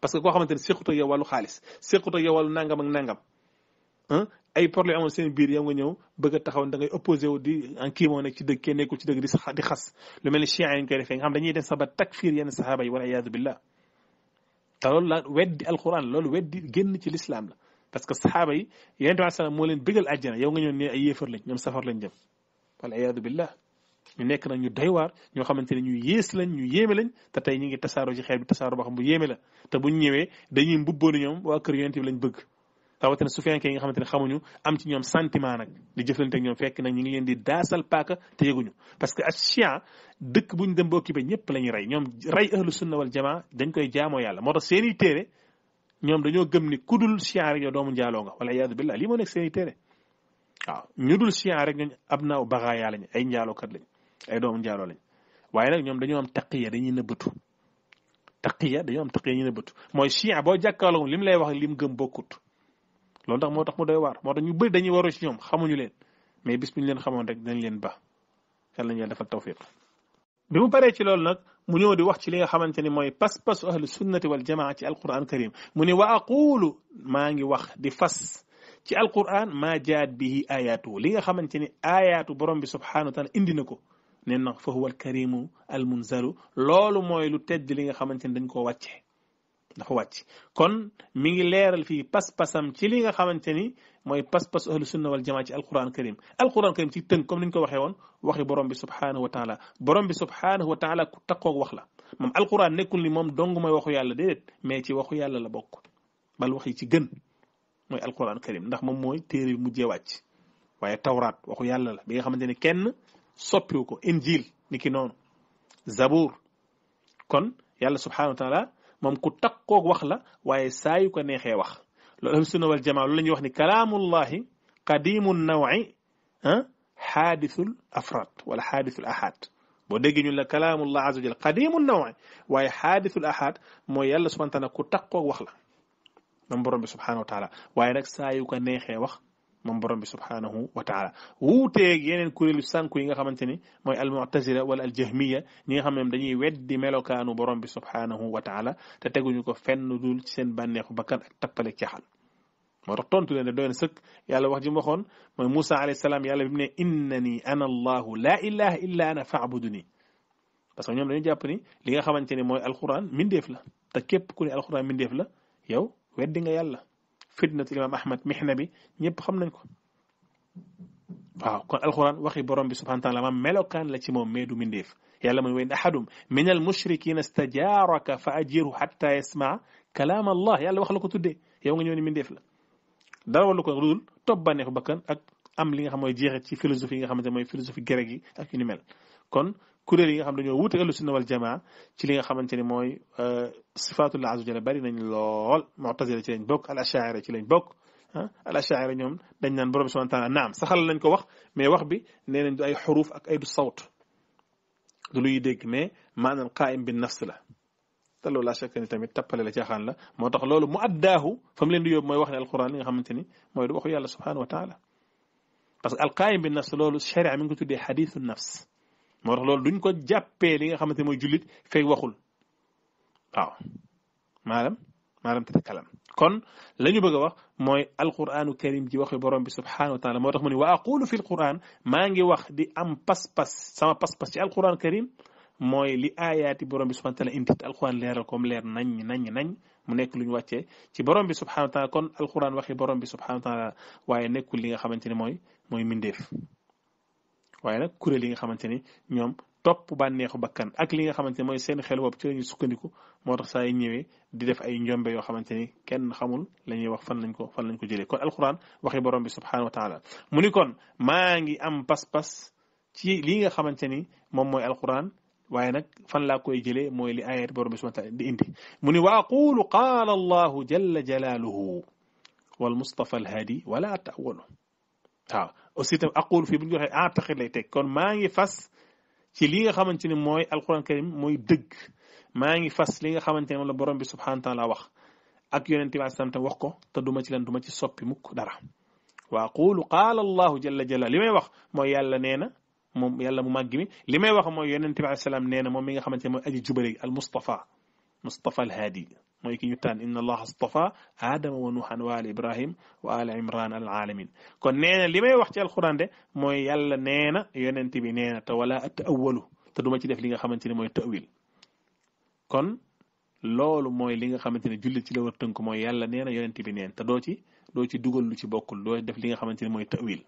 parce que koo xamante ne séqut ak yow wàllu xaalis séqut ak yow wàllu nangam ak nangam ay problème amoon seen biir yow nga ñëw bëgg a taxaw da ngay opposé wu di en kii moo nekk ci dëgg kenn nekkul ci dëgg di sax di xas lu mel ni chien yi ñu koy defee nga xam dañuy def sax ba takfir yenn saxaaba yi wala iyaadu billah te loolu la weddi alquran loolu weddi génn ci l'islam la parce que saxaaba yi yeneen tamit moo leen bëggal àjjana yow nga ñëw ne ay yéefar lañ ñoom safar lañ jëm والعياذ بالله ñu nekk nag ñu doy waar ñoo xamante ne ñu yées lañ ñu yéeme lañ te tey ñu ngi tasaaro ci xeer bi tasaaro boo xam bu yéeme la te buñ ñëwee dañuy mbubboo ne ñoom waa kër yonent bi lañ bëgg rawatina su fekkee nga xamante ne xamuñu am ci ñoom sentiment nag di jëflante ak ñoom fekk nag ñu ngi leen di daasal paaka te yëguñu parce que ak chien dëkk buñ dem ba occupé ñëpp la ñuy rey ñoom rey ahlu sunna wal jamaa dañ koy jaamoo yàlla moo tax seen i téere ñoom dañoo gëm ni kudul chien rek yow doomu njaaloo nga wala iyaadu billah lii moo nekk seen i téere waaw ñu dul siyaa rek ñooñu ab naaw baxaayaa lañ ay njaalookat lañ ay doomu njaaloo lañ waaye nag ñoom dañoo am taqiya dañuy nëbbatu taqiya dañoo am taqiya dañuy nëbbatu mooy siyaa boo jàkkaarloo lim lay wax lim gëm bokkut loolu tax moo tax mu doy waar moo tax ñu bëri dañuy waroo ci ñoom xamuñu leen mais bis bu ñu leen xamoon rek dinañ leen ba yàlla nañu yàlla defal tawfiq bi ci loolu nag mu ñëw di wax ci li nga xamante ni mooy pas-pasu ahlu sunnati wal jamaa ci alquran karim mu ne wa aqulu maa ngi wax di fas ci alquran ma jaat bihi ayatu li nga xamanteni ayatu borom bi subhanahu wa taala indi nako ne nee na fa huwa alkarim almunzalu lolu moy lu tedd li nga xamanteni ni dañ koo wàcce dafa wacce kon mi ngi leral fi pas-pasam ci li nga xamanteni moy mooy pas ahlus ahlu sunna wal jamaa ci alquran karim alquran karim ci tënk comme niñ ko waxe won waxi borom bi subhanahu wa taala borom bi subhanahu wa taala ku takko wax la mom alquran nekul ni mom dong moy waxu yàlla dedet mais ci waxu yàlla la bok bal waxi ci gën moy alquran karim ndax mom moy téré bi mujjee wàcc waye tawrat waxu yàlla la bi nga xamanteni kenn soppi wuko injil niki non zabur kon yàlla subhanahu wa taala mom ku takko wax la waye sayu ko nexé wax lolu ahlu sunna wal jamaa lolu la wax ni kalamullah qadimun nawi ha hadithul afrad wala hadithul ahad bo déggee ñu la kalamullah azza wa jalla qadimun nawi waye hadithul ahad moy yàlla subhanahu wa taala ku takko wax la moom borom bi subhanahu wa taala waaye nag saa yu ko neexee wax moom borom bi subhanahu wa taala wuuteeg yeneen kuréelu sànku yi nga xamante ni mooy al mu'tazila wala al jahmiya ñi nga xam ne dañuy weddi melokaanu borom bi subhanahu wa taala te teguñu ko fenn dul ci seen bànneexu bakkan ak tappale caaxaan moo tax tontu leen ne doy na sëkk yàlla wax ji mu waxoon mooy Moussa alayhi salaam yàlla bi mu ne innani ana allahu la ilaha illa ana faabuduni parce que ñoom dañu jàpp ni li nga xamante ni mooy alquran mindeef la te képp ku ne alquran mindeef la yow weddi nga yàlla fitnatu imam ahmad mihnabi ñëpp xam nañ ko waaw kon alquran waxi borom bi subhanahu wa taala mam melokan la ci mom medu mindeef yàlla mooy wayn ahadum min al mushrikeen istajaraka fa ajiru hatta yasma kalam allah yàlla wax la ko tuddee yow nga ñëw ni mindeef la dara walu ko rul topp bànneexu bakkan ak am li nga xam mooy jeexet ci philosophie yi nga xamante moy philosophie grec yi ak ñu mel kon kuréel yi nga xam dañoo wuute ahlu sunna wal jamaa ci li nga xamante ni mooy sifaatullah azza jalla bari nañ lool mu'tazila ci lañ bokk al ashaira ci lañ bokk ah al ashaira ñoom dañ naan borom subhanahu taala naam saxal lañ ko wax mais wax bi nee nañ du ay xuruf ak ay du sawt du luy dégg mais maanaam qaa'im bi nafs la te loolu laa seqal ni tamit tappale la caaxaan la moo tax loolu mu addaahu fa mu leen di yóbbu mooy wax ne alquran li nga xamante ni mooy du waxu yàlla subhanahu wa taala parce que alqaayim bi nafs loolu sharia mi ngi ko tuddee xadiisu nafs moo tax loolu duñ ko jàppee li nga xamante ne mooy jullit fay waxul waaw maanaam maanaam kalam kon la ñu bëgg a wax mooy alquranu karim ji waxe borom bi subhanahu wa taala moo tax mu ne wa aqulu fi alquran maa ngi wax di am pas-pas sama pas-pas ci alquran karim mooy li aayaati borom bi subhanahu wa taala indi alquran leeral comme leer nañ nañ nañ mu nekk lu ñu wàccee ci borom bi subhanahu wa taala kon alquran waxe borom bi subhanahu wa taala waaye nekkul li nga xamante ne mooy mooy mindeef waaye nag kuréel yi nga xamante ni ñoom topp bànneexu bakkan ak li nga xamante ni mooy seen xel bopp ci la sukkandiku moo tax saa yu ñëwee di def ay njombe yoo xamante ni kenn xamul la ñuy wax fan lañ ko fan lañ ko jëlee kon alquran waxi borom bi subhanahu wa taala mu ni kon maa ngi am pas-pas ci li nga xamante ni moom mooy alquran waaye nag fan laa koy jëlee mooy li ayat borom bi subhanahu wa taala di indi mu ni wa aqulu qaala allahu jalla jalaaluhu wal mustafa alhadi wala ta'walu waaw aussi tam aqulu fi bu ñu waxee lay tek kon maa fas ci li nga xamanteni moy alquran karim moy deug maa fas li nga xamanteni ne la borom bi subhanahu wa taala wax ak yonente sallam tam wax ko te duma ci len duma ci soppi mukk dara wa aqulu qala allah jalla jalla limay wax moy yàlla neena mom yàlla mu maggi mi limay wax moy yonente bi sallam neena mom mi nga xamanteni moy aji jubali al Mustafa Mustafa al Hadi mooy ki ñu tànn inna allaha astafa aadama wa nuhan wa al ibrahim wa al imran al alamin kon nee na li may wax ci alquran de mooy yàlla nee na yonent bi nee na te wala ta'awalu te duma ci def li nga xamante ne mooy tawil kon loolu mooy li nga xamante ne jullit ci la war tënk mooy yàlla nee na yonent bi neen te doo ci doo ci dugal lu ci bokkul doo def li nga xamante ne mooy tawil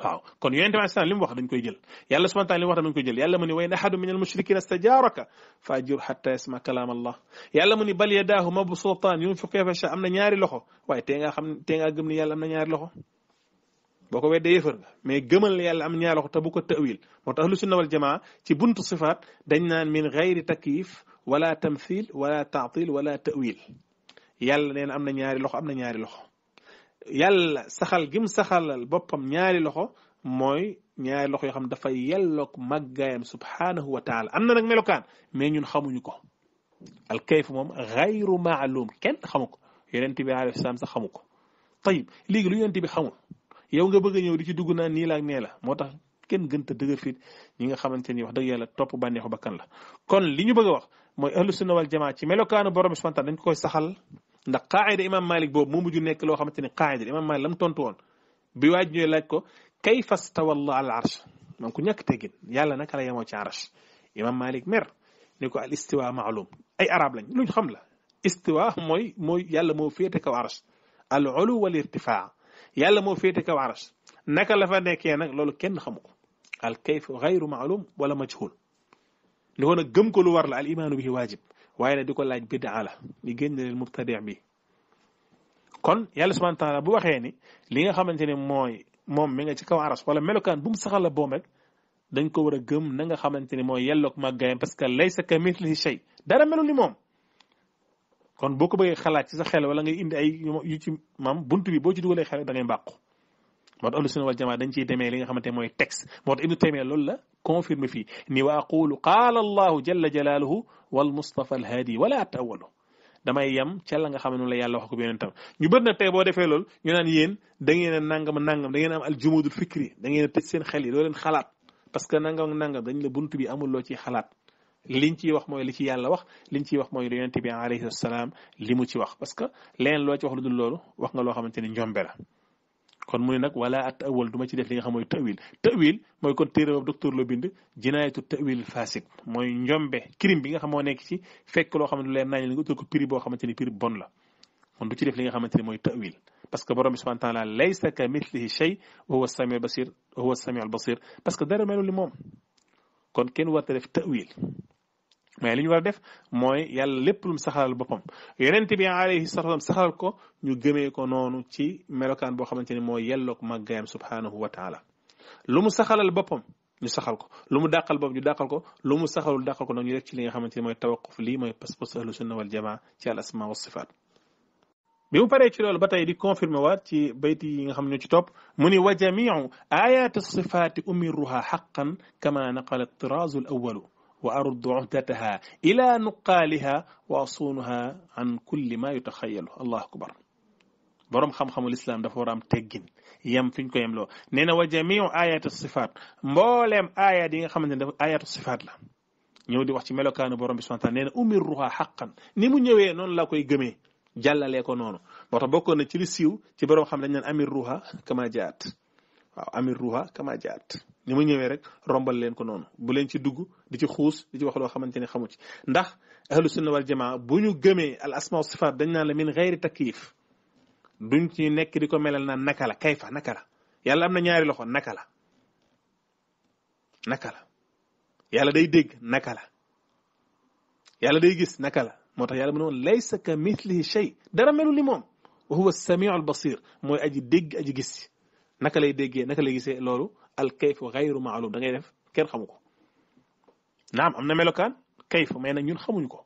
واو كون يونت ما سلام لم واخ دنجكاي جيل يالا سبحانه وتعالى واخ دنجكاي جيل يالا موني وين احد من المشركين استجارك فاجر حتى يسمع كلام الله يالا موني بل يداه مبسوطان ينفق كيف شاء امنا نياري لخو واي تيغا خم تيغا گم ني يالا امنا نياري لخو boko wedde yefeur nga mais geumal yalla am ñaar loxo tabu ko tawil motax lu sunna wal jamaa ci buntu sifat dañ nan min ghairi takyif wala tamthil wala ta'til wala tawil yalla neen am na ñaari yàlla saxal gim saxal boppam ñaari loxo mooy ñaari loxo yoo xam dafa yellok màggaayam subhanahu wa taala am na nag melokaan mais ñun xamuñu ko al kayf moom xayru maalum kenn xamu ko yonent bi alayhi salaam sax xamu ko tayib léegi lu yonent bi xamul yow nga bëgg ñëw di ci dugg naa nii la ak nee la moo tax kenn gënta dëgër fit ñi nga xamante ni wax dëgg yàlla topp bànneexu bakkan la kon li ñu bëgg a wax mooy ahlu sunna wal jamaa ci melokaanu borom subhanahu wa taala dañ ko koy saxal ndax qaayida imam malik boobu moo mujj nekk loo xamante ni qaayida imam malik lam tontu woon bi waaj ñu laaj ko kayfa stawa allah al arsh man ku ñàkk teggin yàlla naka la yemoo ci arsh imam malik mer ni ko al istiwa maalum ay arab lañ luñ xam la istiwa mooy mooy yàlla moo féete kaw arsh al ulu wal irtifaa yàlla moo féete kaw arsh naka la fa nekkee nag loolu kenn xamu ko al kayf gayru maalum wala majhul ni ko nag gëm ko lu war la al imaanu bihi waajib waaye nag di ko laaj bidaa la li génn leen mubtadi bi kon yàlla subhanahu taala bu waxee ni li nga xamante ne mooy moom mi nga ci kaw aras wala melokaan bu mu saxal la boom rek dañ ko war a gëm na nga xamante ne mooy yelloog màggaayam parce que laysa ka mithlihi shay dara melu ni moom kon boo ko bëggee xalaat ci sa xel wala ngay indi ay yu ci maam bunt bi boo ci dugalee xel da ngay mbàqu moo tax ahlu sunna wal jamaa dañ ciy demee li nga xamante ne mooy texte moo tax ibnu taymiya loolu la كونفيرم فيه إني وأقول قال الله جل جلاله والمصطفى الهادي ولا أتأوله damay yam ca la nga xam ne noonu la yàlla wax ko beneen tam ñu bët nag tey boo defee loolu ñu naan yéen da ngeen a nangam nangam da ngeen am al jumudul fikri da ngeen a tëj seen xel yi doo leen xalaat parce que nangam nangam dañ la bunt bi amul loo ciy xalaat liñ ciy wax mooy li ci yàlla wax liñ ciy wax mooy yonente bi alayhi salaam li mu ci wax parce que leneen loo ci wax lu dul loolu wax nga loo xamante ni njombe la kon mu ne nag wala at awal duma ci def li nga xam mooy tawil tawil mooy kon téere boobu docteur la bind jinaayatu tawil fasik mooy njombe crime bi nga xam moo nekk ci fekk loo xam ne lu leer nañ la nga utal ko prix boo xamante ni prix bon la kon du ci def li nga xamante ni mooy tawil parce que borom bi subhanahu wa taala laysa ka mithlihi shay wa huwa samiu basir wa huwa samiu al basir parce que dara melu li moom kon kenn warta def tawil mais li war def moy yàlla lépp lu mu saxalal boppam yeneen bi alayhi salatu wasalam saxal ko ñu gëme ko nonu ci melokan bo xamanteni moy mooy yelloog màggaayam subhanahu wa taala lu mu saxalal bopam ñu saxal ko lu mu dàqal boppam ñu dakal ko lu mu saxalul dakal ko nag ñu rek ci li nga xamanteni moy mooy li moy mooy pas-pas ahlu sunna wal jamaa ci al asma wa sifat bi mu paré ci loolu ba tey di confirmer wat ci bayti yi nga xam ci top muni wa jamiu ayatu sifati umiruha haqqan kama naqala tirazu al awwalu و أ ر عهدتها إ نقالها و عن كل ما يتخيل الله اكبر برم خم خم الإسلام دفو رام يم فين كو يملو نينا وجميع آيات الصفات مولم آيات دي خم دي آيات الصفات لا نيو دي وحتي ملو كان برم بسوان تان نينا أمروها حقا نمو نيوه نون لا كو يجمي جلا ليكو نونو بطا بوكو نتلسيو تبرم خم لنين أمروها كما جات amir ruha kama jaat ni ma ñëwee rek rombal leen ko non bu leen ci dugg di ci xuus di ci wax lo xamanteni xamu ci ndax ahlus sunna wal jamaa bu ñu gëmee al asma wa sifat dañ naan la min xeyri takyif duñ ci nekk diko melal na nakala kayfa nakala yàlla amna ñaari loxo nakala nakala yàlla day deg nakala yàlla day gis nakala motax yàlla mu laysa ka mithlihi shay dara melu li mom wa huwa samiu al basir mooy aji dégg aji gis naka lay déggee naka lay gisee loolu al kayfu gayru maalum da dangay def kenn xamu ko naam am na melokaan kayfu mais na ñun xamuñ ko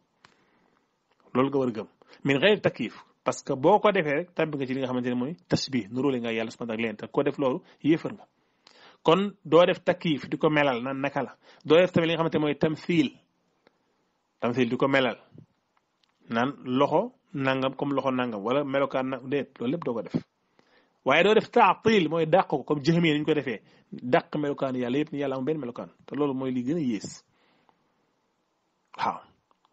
loolu nga war a gëm min gayri kiif parce que boo ko defee rek tàbbi nga ci li nga xamante ne mooy tasbih nuróole nga yàlla subhanahu leen te ko def loolu yéefar kon doo def takiif di ko melal nan naka la doo def tamit li nga xamante ne mooy tamthil tamthil di ko melal nan loxo nangam comme loxo nangam wala melokaan na déet loolu lépp doo ko def waaye doo def taatil mooy dàq ko comme jëhmi ni ñu ko defee dàq melokaan yàlla yëpp ni yàlla am benn melokaan te loolu mooy li gën a yées waaw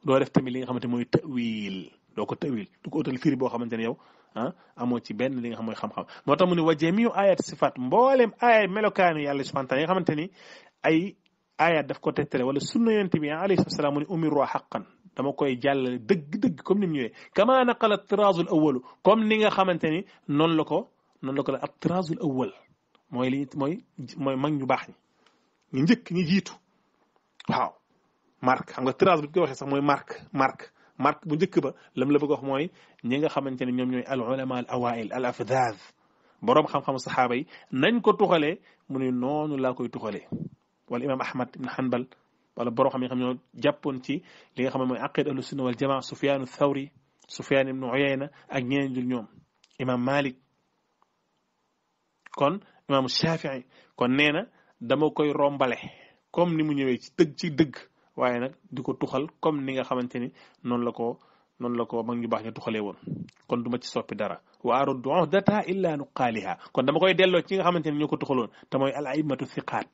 doo def tamit li nga xamante mooy tawil doo ko tawil du ko utal firi boo xamante ne yow ah amoo ci benn li nga xam mooy xam-xam moo tax mu ne wa jamiu ayat sifat mbooleem ayat melokaanu yàlla subhanahu taala yi nga xamante ni ay ayat daf ko tegtale wala sunna yonent bi alayhi salaam mu ne umiru xaqan dama koy jàllale dëgg-dëgg comme ni mu ñëwee kama naqala al awalu comme ni nga xamante ni noonu la ko noonu la ko la ab trasul awal mooy li mooy mooy mag ñu baax ñi ñu njëkk ñu jiitu waaw marque xam nga trace bi ko waxee sax mooy marque marque marque bu njëkk ba lam la bëgg wax mooy ñi nga xamante ne ñoom ñooy al ulama al awail al afdaz borom xam-xam saxaaba yi nañ ko tuxalee mu ne noonu laa koy tuxalee wala imam ahmad ibn hanbal wala borom xam yi xam ñoo jàppoon ci li nga xam ne mooy aqid ahlu sunna wal jamaa sufyaan thawri sufyaan ibn uyayna ak ñeneen jul ñoom imam malik kon imam shafi'i kon neena dama koy rombale comme ni mu ñëwé ci tegg ci dëgg waye nak diko ko tuxal comme ni nga xamanteni non la ko non la ko mag ñu bax ñu tuxalee won kon duma ci soppi dara wa don data illa nuqaaliha kon dama koy delloo ci nga xamanteni ñoko ñoo won ta moy al aymatu thiqat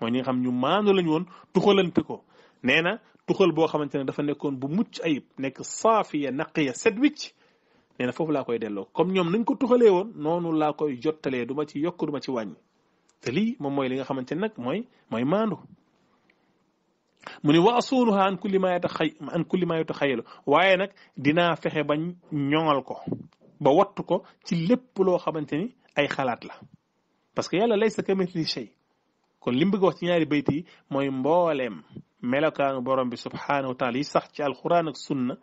moy ñi nga xam ñu maanu lañ won tuxalante ko neena na tuxal boo xamante dafa nekkon bu mucc ayib nek safiya naqiya sedwich neena fofu la koy delo comme ñom nañ ko tukhale won nonu la koy jotale duma ci yokk duma ci wàññi te li mom moy li nga xamantene nak moy moy mandu muni mu wa asuuluha an kulli ma yatakhay an kulli ma yataxayalu waye nak dina fexe ba ñongal ko ba wattu ko ci lépp lo xamanteni ay xalaat la parce que yàlla laysa kamithli shay kon limbe go ci ñaari beyti moy mbollem mbooleem borom bi subhanahu wa taala sax ci alquran ak sunna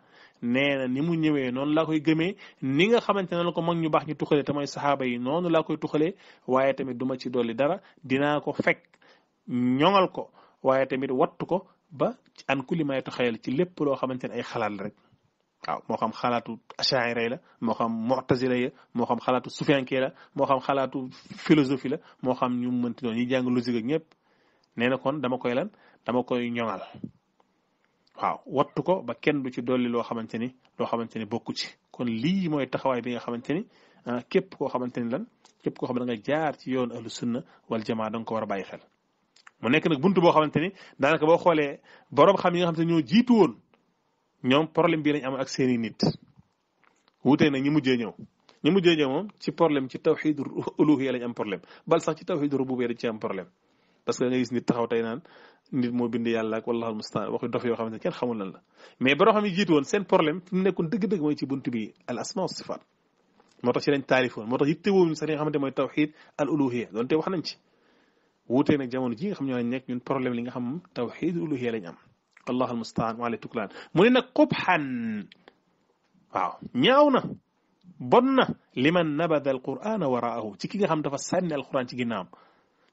nee na ni mu ñëwee noonu laa koy gëmee ni nga xamante ne la ko mag ñu baax ñu tuxalee te mooy saxaaba yi noonu laa koy tuxalee waaye tamit duma ci dolli dara dinaa ko fekk ñoŋal ko waaye tamit wattu ko ba ci an ku li may toxeel ci lépp loo xamante ne ay xalaat la rek waaw moo xam xalaatu achaira la moo xam mu'tazila ya moo xam xalaatu sufiyanke la moo xam xalaatu philosophie la moo xam ñu mënti doon ñi jàng logique ak ñëpp nee na kon dama koy lan dama koy ñoŋal waaw wattu ko ba kenn du ci dolli loo xamante ni loo xamante ni bokku ci kon lii mooy taxawaay bi nga xamante ni ah, képp koo xamante ni lan képp koo xam ne da nga jaar ci yoon ahlu sunna wal jamaa da nga ko war a bàyyi xel mu nekk nag buntu boo xamante ni daanaka boo xoolee borom xam yi nga xamante ni ñoo jiitu woon ñoom problème bi lañ am ak seeni nit wutee nag ñi mujjee ñëw ñi mujjee ñëw moom ci problème ci tawxiid uluhiyya lañ am problème bal sax ci tawxiid rububiyya dañ ci am problème parce que da nga gis nit taxaw tey naan nit mo bind yàlla ak wallaahu mustaan waxu dof yo xam ken xamul lan la mais borom xam yi jitu won sen problème fim mu deug deug moy ci buntu bi al asma wa sifat motax ci lañ tarif won motax yitte woon sax li nga xamante moy tawhid al uluhiya donte wax nañ ci wuté nak jamono ji nga xam ñoy nekk ñun problème li nga xam tawhid al uluhiyya lañ am allahu al mustaan wa ala tuklan mu ne nag qubxan waaw ñaawna bonna liman nabadha al qur'ana waraahu ci ki nga xam dafa sànni al quran ci ginnam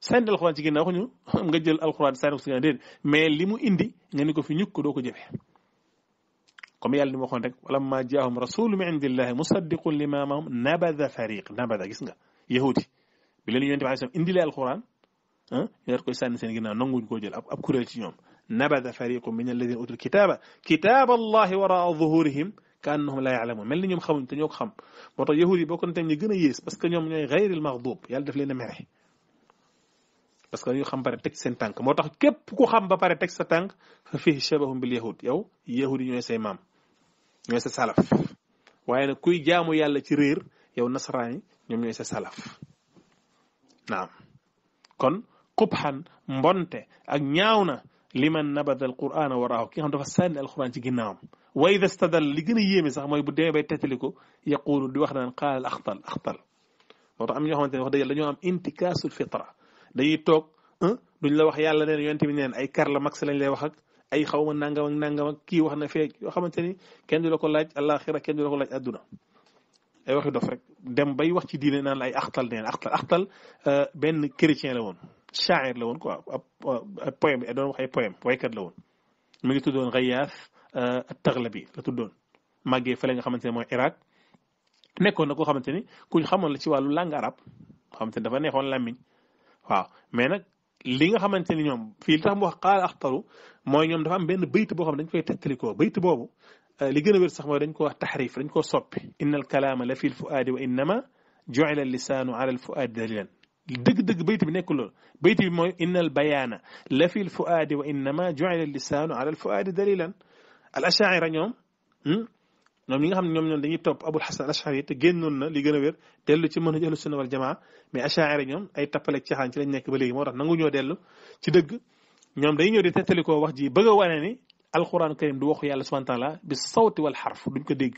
sànni alxuraan ci ginnaaw waxuñu nga jël alxuraan sànni ko si ginnaaw mais li mu indi nga ni ko fi ñukk doo ko jëfe comme yàlla ni ma waxoon rek wala ma jaahum rasulu min indillahi musaddiqun lima maahum nabada fariq nabada gis nga yahudi bi leen yonent bi alei indi lee alxuraan ah ñu koy sànni seen ginnaaw nanguñ koo jël ab ab kuréel ci ñoom nabada fariqun min alladina utul kitaba kitaba allahi waraa zuhurihim ka annahum la yaalamun mel ni ñoom xamuñ te ñoo ko xam moo tax yahudi bokk na tam ñi gën a yées parce que ñoom ñooy gayril maghdub yàlla daf leen a mere parce que dañu xam bare tek sen tànk motax kep ku xam ba pare tek sa tànk fa fii shabahum bil yahud yow yahudi ñoy sey mam ñoy ñooy sa salaf waye na kuy jaamu yàlla ci réer yow nasrani ñom ñoy ñooy sa salaf naam kon qubhan mbonte ak ñaaw na liman nabada alquran raahu ki nga xam dafa sànni alquran ci ginaam wa idha stadal li gëna yéme sax moy bu dé bay tétaliko yaqulu di wax naan qala al akhtal akhtal motax am ñoo xamanteni wax dëgg yàlla dañoo am intikasul fitra dañuy toog duñ la wax yàlla neen yonent bi neen ay kar la max lañ lay wax ak ay xawma nangam ak nangam ak kii wax na fee yoo xamante ni kenn du la ko laaj àllaaxira kenn du la ko laaj àdduna ay waxi dof rek dem bay wax ci diine naan ay axtal neen axtal axtal benn chrétien la woon shaa'ir la woon quoi ab poème bi doon wax ay poème waykat la woon mi ngi tuddoon Ghayath At-Taghlabi la tuddoon màggee fële nga xamante ne mooy Irak nekkoon na koo xamante ni kuñ xamoon la ci wàllu langue arab xamante ni dafa neexoon làmmiñ waaw mais nag li nga xamante ni ñoom fii li tax mu wax xaal axtaru mooy ñoom dafa am benn bayt boo xam ne dañ koy tettalikoo bayt boobu li gën a wér sax mooy dañ ko wax taxrif dañ koo soppi inna al kalaama la fi l fuaadi wa innama jucila lisaanu ala al fuaadi dalilan dëgg-dëgg bayt bi nekkul loolu bayt bi mooy inna al bayaana la fi l fuaadi wa innama jucila lisaanu ala al fuaadi dalilan al ashaira ñoom ñoom ñi nga xam ne ñoom ñoom dañuy topp abul xasan al ashari te génnoon na li gën a wér dellu ci manhaj ahlu sunna wal jamaa mais achaira ñoom ay tappale ci xaan ci lañ nekk ba léegi moo tax nangu ñoo dellu ci dëgg ñoom dañuy ñëw di tettalikoo wax ji bëgg a wane ni alquran karim du waxu yàlla subhanahu taala bi sawti wal xarf duñ ko dégg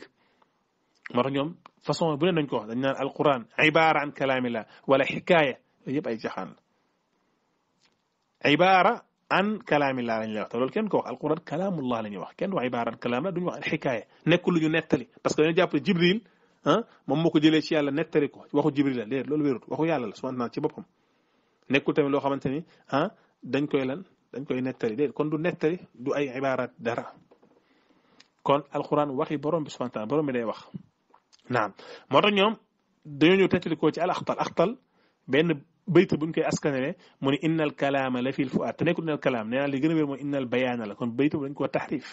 moo tax ñoom façon bu ne nañ ko wax dañ naan alquran ibara an kalaamillah wala xikaaya yëpp ay jaxaan la ibaara عن كلام الله لن يوحى تولكن كو القران كلام الله لن يوحى كن وعباره كلام لا دون حكايه نيكول لو نيتالي باسكو ني جاب جبريل ها مام مكو جيلي سي الله نيتالي كو واخو جبريل لير لول ويروت واخو يالا لا سبحان الله سي بوبم نيكول تامي لو خامتاني ها دنج كوي لان دنج كوي نيتالي دير كون دو نيتالي دو اي عبارات دارا كون القران واخي بروم سبحان الله بروم لي واخ نعم موتا نيوم دانيو نيو تيتالي كو سي الاخطل اخطل بن bayt buñ koy askanale mu ne innal kalam la fil fuat te nekkul innal kalaam nee li gën a wér mooy innal bayaana la kon bayt bu dañ koo taxrif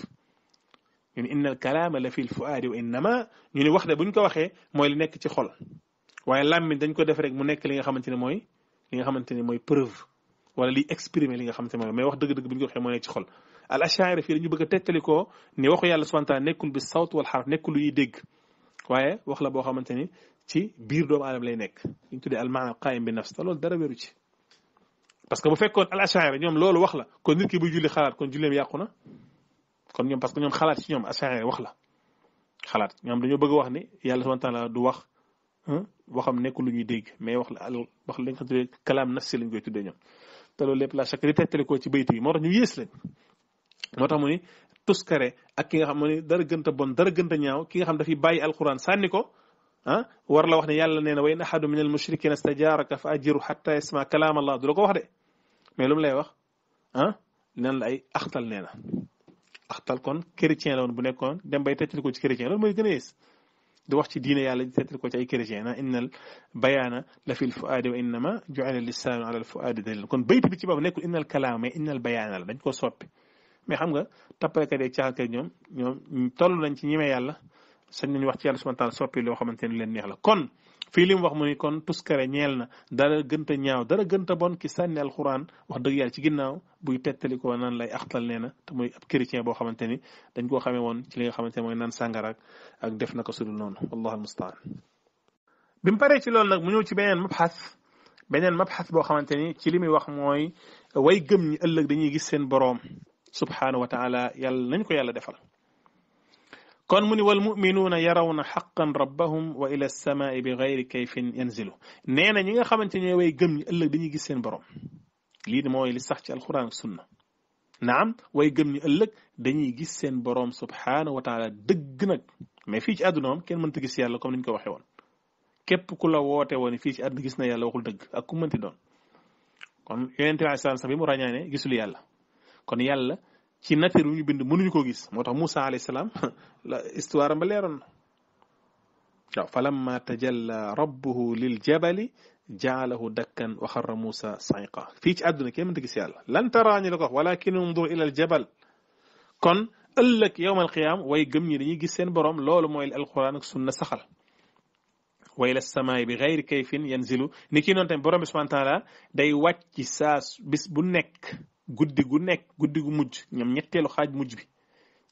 ñu innal kalaama la fil fuaadi wa innama ñu ni wax de buñ ko waxee mooy li nekk ci xol waaye làmmiñ dañ ko def rek mu nekk li nga xamante ne li nga xamante ne mooy preuve wala liy exprimer li nga xamante ne mooy mais wax dëgg-dëgg buñ ko waxee mooy nekk ci xol al ashaari fii dañu bëgg a tettalikoo waxu yàlla subhanahu wa taala nekkul bi sawt wal xaraf nekkul lu dégg waaye wax la boo xamante ni ci biir doomu aadama lay nekk li ñu tuddee al maana qaayim bi nafs te loolu dara wéru ci parce que bu fekkoon al achaira ñoom loolu wax la kon nit ki bu julli xalaat kon julleem yàqu na kon ñoom parce que ñoom xalaat ci ñoom achaira wax la xalaat ñoom dañoo bëgg wax ni yàlla subhanahu taala du wax waxam nekkul lu ñuy dégg mais wax la wax lañ ko tuddee kalaam nafsi lañ koy tuddee ñoom te loolu lépp la chaque di tegtale ko ci bayt yi moo tax ñu yées lañ moo tax mu ni tuskare ak ki nga xam ne dara gënta bon dara gënta ñaaw ki nga xam dafi bàyyi alquran sànni ko ah war la wax ne yàlla neena wayna hadu min almushrikin mushrikina fa ajiru hatta yasma kalam allah du ko wax de mais lum lay wax ah nan lay ay axtal nee axtal kon chrétien la won bu nekkon dem bay tetti ko ci chrétien lool moy gëna yes yees di wax ci diine yàlla di tettali ko ci ay chrétien na innal bayana la fil fuad wa inma juala lisan ala lfuaadi dalil kon bayti bi ci bab nekkul innal kalam innal bayana la dañ ko soppi mais xam nga tappalekat yi caaxaankat ñoom ñoom toll nañ ci ñemee yàlla sañ nañu wax ci yàlla subhanahu wa taala soppi loo xamante ni leen neex la kon fii li mu wax mu ni kon tuskare ñeel na dara gënta ñaaw dara gënta bon ki sànni alxuraan wax dëgg yàlla ci ginnaaw buy tettali ko naan lay axtal nee na te muy ab chrétien boo xamante ni dañ koo xamee woon ci li nga xamante ne mooy naan sàngaraak ak def na ko sudul noonu wallahu almustaan bi mu paree ci loolu nag mu ñëw ci beneen mabxas beneen mabxas ci li muy wax mooy way gëm ñi ëllëg dañuy gis seen boroom subhanahu wa taala yal nañ ko yàlla defal kon mu wal muminuuna yarawna xaqan rabbahum wa ila samaai bi gayri kayfin yanzilu nee na ñi nga xamante ne way gëm ñi ëllëg dañuy gis seen borom lii di mooy li sax ci alquran ak sunna naam way gëm ñi ëllëg dañuy gis seen borom subhaanahu wa taala dëgg nag mais fii ci àdduna moom kenn mënta gis yàlla comme ni ñu ko waxee woon képp ku la woote woon fii ci àdduna gis na yàlla waxul dëgg ak ku mënti doon kon yonente bi alei bi mu ràññaane gisul yàlla kon yàlla ci nature bi ñu bind mënuñu ko gis motax musa alayhi salam la histoire ba leeroon na waaw falamma tajalla rabbuhu lil jabal jaalahu dakkan wa kharra musa saiqa fi ci aduna kenn mënta gis yàlla lan tarani lako walakin undur ila al jabal kon ëllëg yowmal qiyaam way gëm ñi dañuy gis seen borom loolu mooy alquran ak sunna saxal way la samaay bi xayri kayfin yanzilu ni ki noonu tamit borom bi subhanahu taala day wàcc saas bis bu nekk guddi gu nekk guddi gu mujj ñoom ñetteelu xaaj mujj bi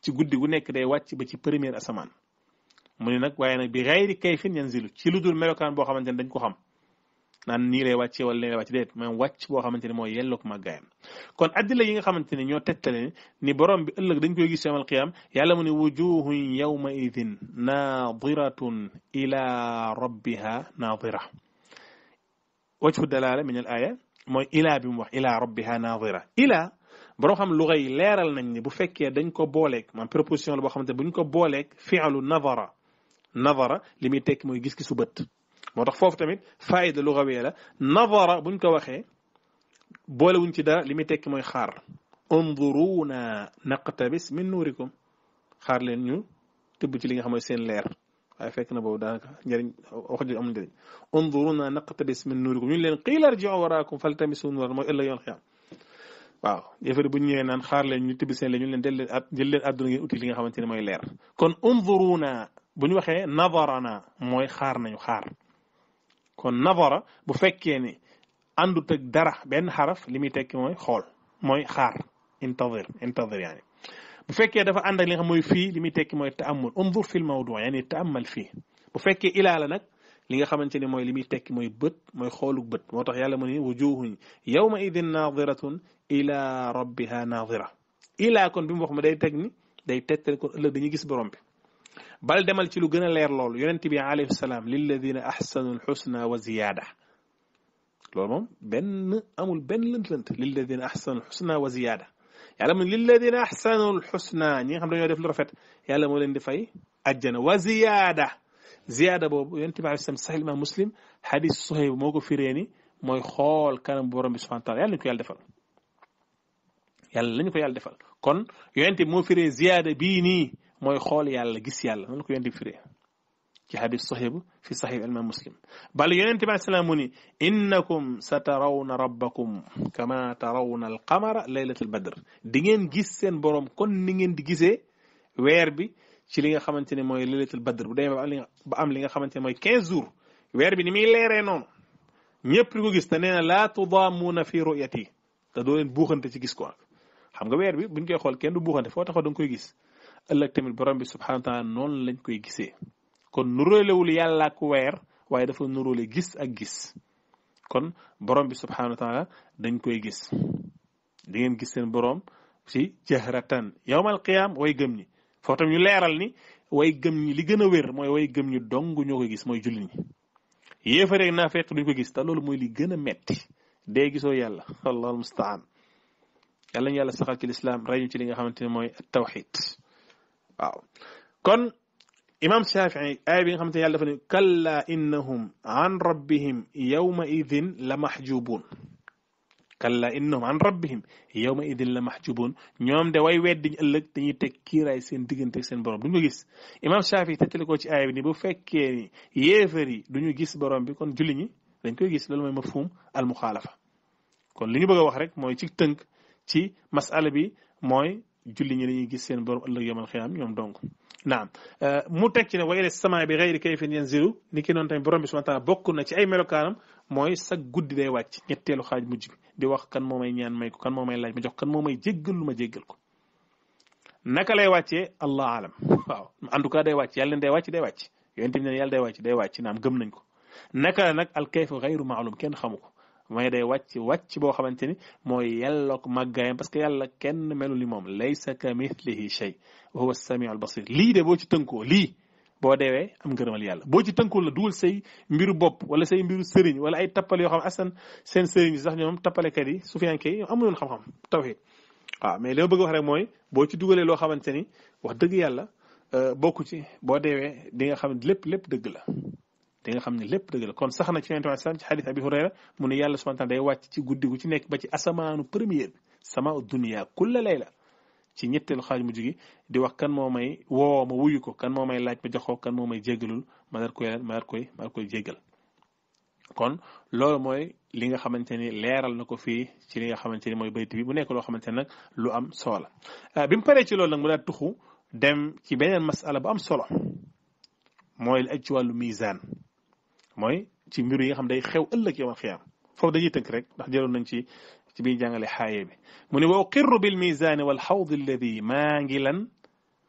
ci guddi gu nekk day wàcc ba ci première asamaan mu ne nag waaye nag bi xayri kayfin yanzilu ci lu dul melokaan boo xamante ne dañ ko xam naan nii lay wàccee wala nii wàcc boo xamante ne mooy yelloog màggaayam kon addila yi nga xamante ne ñoo tettale ni boroom bi ëllëg dañ koy gis yawmal qiyaam yàlla mu ne wujuhun yawma idin naadiratun ila rabbiha naadira wajhu dalaala min al aaya mooy ilaa bi mu wax ilaa rabbiha naadira ilaa boo xam luga yi leeral nañ ni bu fekkee dañ ko booleeg man proposition la boo xam ne buñ ko booleeg fi'lu nadara nadara li muy tekki mooy gis-gisu bët moo tax foofu tamit faayida lugawee la nadara buñ ko waxee boolewuñ ci dara li muy tekki mooy xaar unduruuna naqtabis min nuurikum xaar leen ñu tëbb ci li nga xam seen leer waaye fekk na boobu daanaka njëriñ wax jooju amul njëriñ unzuruna naqtabis min nuurikum ñu leen qiila irji'u waraakum faltamisu nuuran mooy ëllëg yoon xiyaam waaw yëfari bu ñu ñëwee naan xaar leen ñu tibbi seen leen ñu leen del leen at jël leen àdduna ngeen uti li nga xamante ne mooy leer kon unzuruna bu ñu waxee nadarana mooy xaar nañu xaar kon nadara bu fekkee ni àndut ak dara benn xaraf li muy tekki mooy xool mooy xaar intadir intadir yaani bu fekkee dafa ànd ak li nga xam mooy fii li muy tekki mooy taamul unzur fil mawdu yani taamal fii bu fekkee ilaa la nag li nga xamante ne mooy li muy tekki mooy bët mooy xoolu bët moo tax yàlla mu ne wujuhun yawma idin naadiratun ila rabbiha naadira ilaa kon bi mu wax ma day teg ni day tegtal kon ëllëg dañuy gis borom bi bal demal ci lu gën a leer loolu yonent bi alayhi salaam lilladina ahsanu lxusna wa ziyaada loolu moom benn amul benn lënt-lënt lilladina ahsanu lxusna wa ziyaada yàlla mu lilladina ahsanul xusna ñi nga xam dañoo def lu rafet yàlla moo leen di fay ajjana wa ziyaada ziyaada boobu yonent bi alisam sax imam muslim hadis suhayb moo ko firee ni mooy xool kanam borom bi subhana taala yàlla nañu ko yàlla defal yàlla lañu ko yàlla defal kon yonent bi moo firee ziyaada bii nii mooy xool yàlla gis yàlla noonu ko yonent bi firee ci hadis sahih bu fi sahih al-imam muslim bal yonent bi alayhi mu ni innakum satarawna rabbakum kama tarawna al-qamara laylatul badr di ngeen gis seen borom kon ni ngeen di gisee weer bi ci li nga xamante ne mooy laylatul badr bu demee ba am li nga xamante ne 15 jours weer bi ni muy leeree noonu ñëpp di ko gis te nee na laa tudaamuuna fi ru'yati te doo leen buuxante ci gis ko xam nga weer bi buñ koy xool kenn du buuxante foo taxaw da nga koy gis ëllëg tamit borom bi subhanahu wa taala noonu lañ koy gisee kon nuróolewul yàlla ak weer waaye dafa nuróole gis ak gis kon boroom bi subhanahu wa dañ koy gis di ngeen gis seen boroom ci jahratan yawmal qiyaam woy gëm ñi foo tam ñu leeral ni way gëm ñi li gën a wér mooy way gëm ñi dong ñoo koy gis mooy julli ñi yéefareeg naa fekk duñ ko gis te loolu mooy li gën a metti dee gisoo yàlla allahul mustaan yàlla ñu yàlla saxal ci lislaam rey ci li nga xamante ne mooy tawxid waaw imam shafi'i aaya bi nga xamante ne yàlla dafa ne kalla innahum an rabbihim yawma idin la mahjubun kalla innahum an rabbihim yawma idin la mahjubun ñoom de way weddiñ ëllëg dañuy teg kiiraay seen diggante seen borom duñu ko gis imam shafi'i tettali ko ci aaya bi ni bu fekkee ni yéefar yi duñu gis borom bi kon julli ñi dañ koy gis loolu mooy mafhum al muxaalafa kon li ñu bëgg a wax rek mooy ci tënk ci masala bi mooy julli ñi dañuy gis seen borom ëllëg yomal xiyaam ñoom donc naam euh, mu teg ne wa ila samaa bi xayri kayfin yanzilu ni ki noonu tamit borom bi subhanahu wa taala bokk na ci ay melokaanam mooy sa guddi day wàcc ñetteelu xaaj mujj bi di wax kan moom may ñaan may ko kan moom may laaj ma jox kan moo may jéggal lu ma jéggal ko naka lay wàccee allah alam waaw en tout cas day wàcc yàlla ne day wàcc day wàcc yonent bi ne yàlla wàcc day wàcc naam gëm nañ ko naka la nag al kayfu xayru maalum kenn xamu ko mooy day wàcc wàcc boo xamante ni mooy yàlla ko màggaayam parce que yàlla kenn melu li moom laysa ka mithlihi shay wa huwa samiu al basir lii de boo ci tënkoo lii boo deewee am ngërëmal yàlla boo ci tënkoo la dugal say mbiru bopp wala say mbiru sëriñ wala ay tappale yoo xam asan seen sëriñ sax ñoom tappalekat yi sufiyanke yi amuñu xam-xam tawhid waaw mais li ma bëgg wax rek mooy boo ci dugalee loo xamante ni wax dëgg yàlla bokku ci boo deewee di nga xam lépp lépp dëgg la te nga xam lépp deug la kon saxna ci yentou bi ci hadith abi hurayra mu ne yàlla subhana taala day wàcc ci guddi gu ci nek ba ci asamaanu premier bi sama dunia kulla layla ci ñetteelu xaj mu jigi di wax kan momay wo ma wuyu ko kan momay laaj ba joxo kan momay may jéggalul ma dar koy ma dar koy ma dar koy jéggal kon lool moy li nga xamanteni leral nako fi ci li nga xamanteni moy mooy bi bu nek lo xamanteni nak lu am solo bi mu paré ci lool nak mu da tuxu dem ci benen masala bu am solo moy li aj ci wàllu misaan moy ci mbir yi nga xam day xew ëlëk yow xiyam fofu dañuy tënk rek ndax jëlon nañ ci ci bi jàngale xaaye bi mu ne wa qirru bil mizan wal hawd alladhi maa ngi lan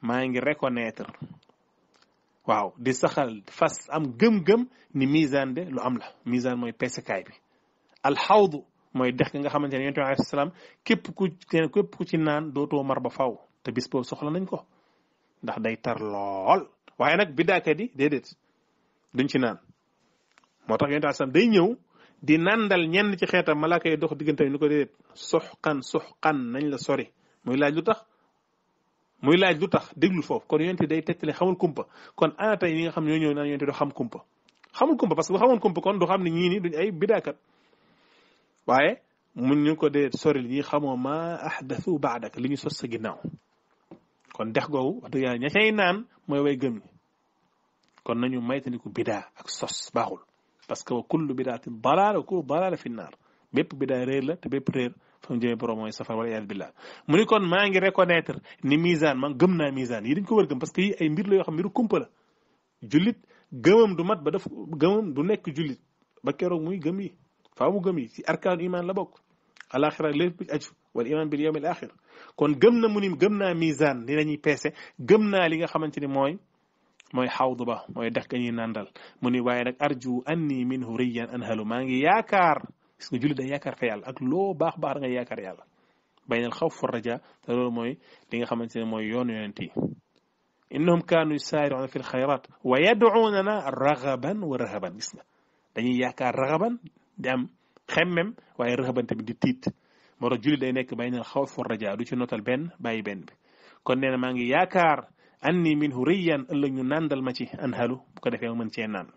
maa reconnaître waaw di saxal fas am gëm-gëm ni mizan de lu am la misaan mooy pesekaay bi alxawdu mooy dex gi nga xamanteni ne yonent bi alayhi salaam képp ku kep ku ci naan doto mar ba faw te bis bo soxla nañ ko ndax day tar lol waye nak bidaka di dedet duñ ci naan motax tax yonent day ñëw di nandal ñen ci xéta malaka yi dox digënté ñu ko dédé suhqan suhqan nañ la sori muy laaj lutax muy laaj lutax déglu foofu kon yonent day tétalé xamul kumpa kon ana tay yi nga xam ñoo ñëw nañ yonent do xam kumpa xamul kumpa parce que bu xamoon kumpa kon du xam ni ñi ni ni duñ ay bidakat waye mun ñu ko dédé sori li xamoo ma ahdathu ba'dak li ñu sos sa ginnaaw kon dex googu wax dëgg ya ñay cay naan mooy way gëm ñi kon nañu maytandiku bidaa ak sos baaxul parce que wa kullu bidaatin dalaala wa kullu dalaala fi naar bépp bidaa réer la te bépp réer fa mu jëmee borom mooy safar wala iyaadu billah mu ni kon maa ngi reconnaître ni misaan man gëm naa misaan yi dañ ko war gëm parce que yi ay mbir la yoo xam mbiru kumpa la jullit gëmam du mat ba daf gëmam du nekk jullit ba keroog muy gëm yi faaw mu gëm yi ci arkaanu iman la bokk alaxira lépp aju wal iman bil yawmil axir kon gëm na mu ni gëm naa misaan ni la ñuy peese gëm naa li nga xamante ni mooy moy xawdu ba moy dak ñi nandal muni ni nak arju anni min huriyan anhalu maa ngi yaakaar gis nga julli day yaakaar fa yàlla ak lo bax bax nga yaakaar yàlla baynal khawf wa raja da lol moy li nga xamante moy yoon yonent innahum kanu yusari'una fil khayrat wa yad'unana raghaban wa rahaban gis nga dañuy yaakaar raghaban di am xemmem waye rahaban tamit di tit mo tax julli day nekk baynal khawf wa raja du ci notal ben bàyyi ben bi kon neena ma ngi yaakaar anni minhu riyan ëllëg ñu nàndal ma ci anhalu bu ko defee mu mën cee naan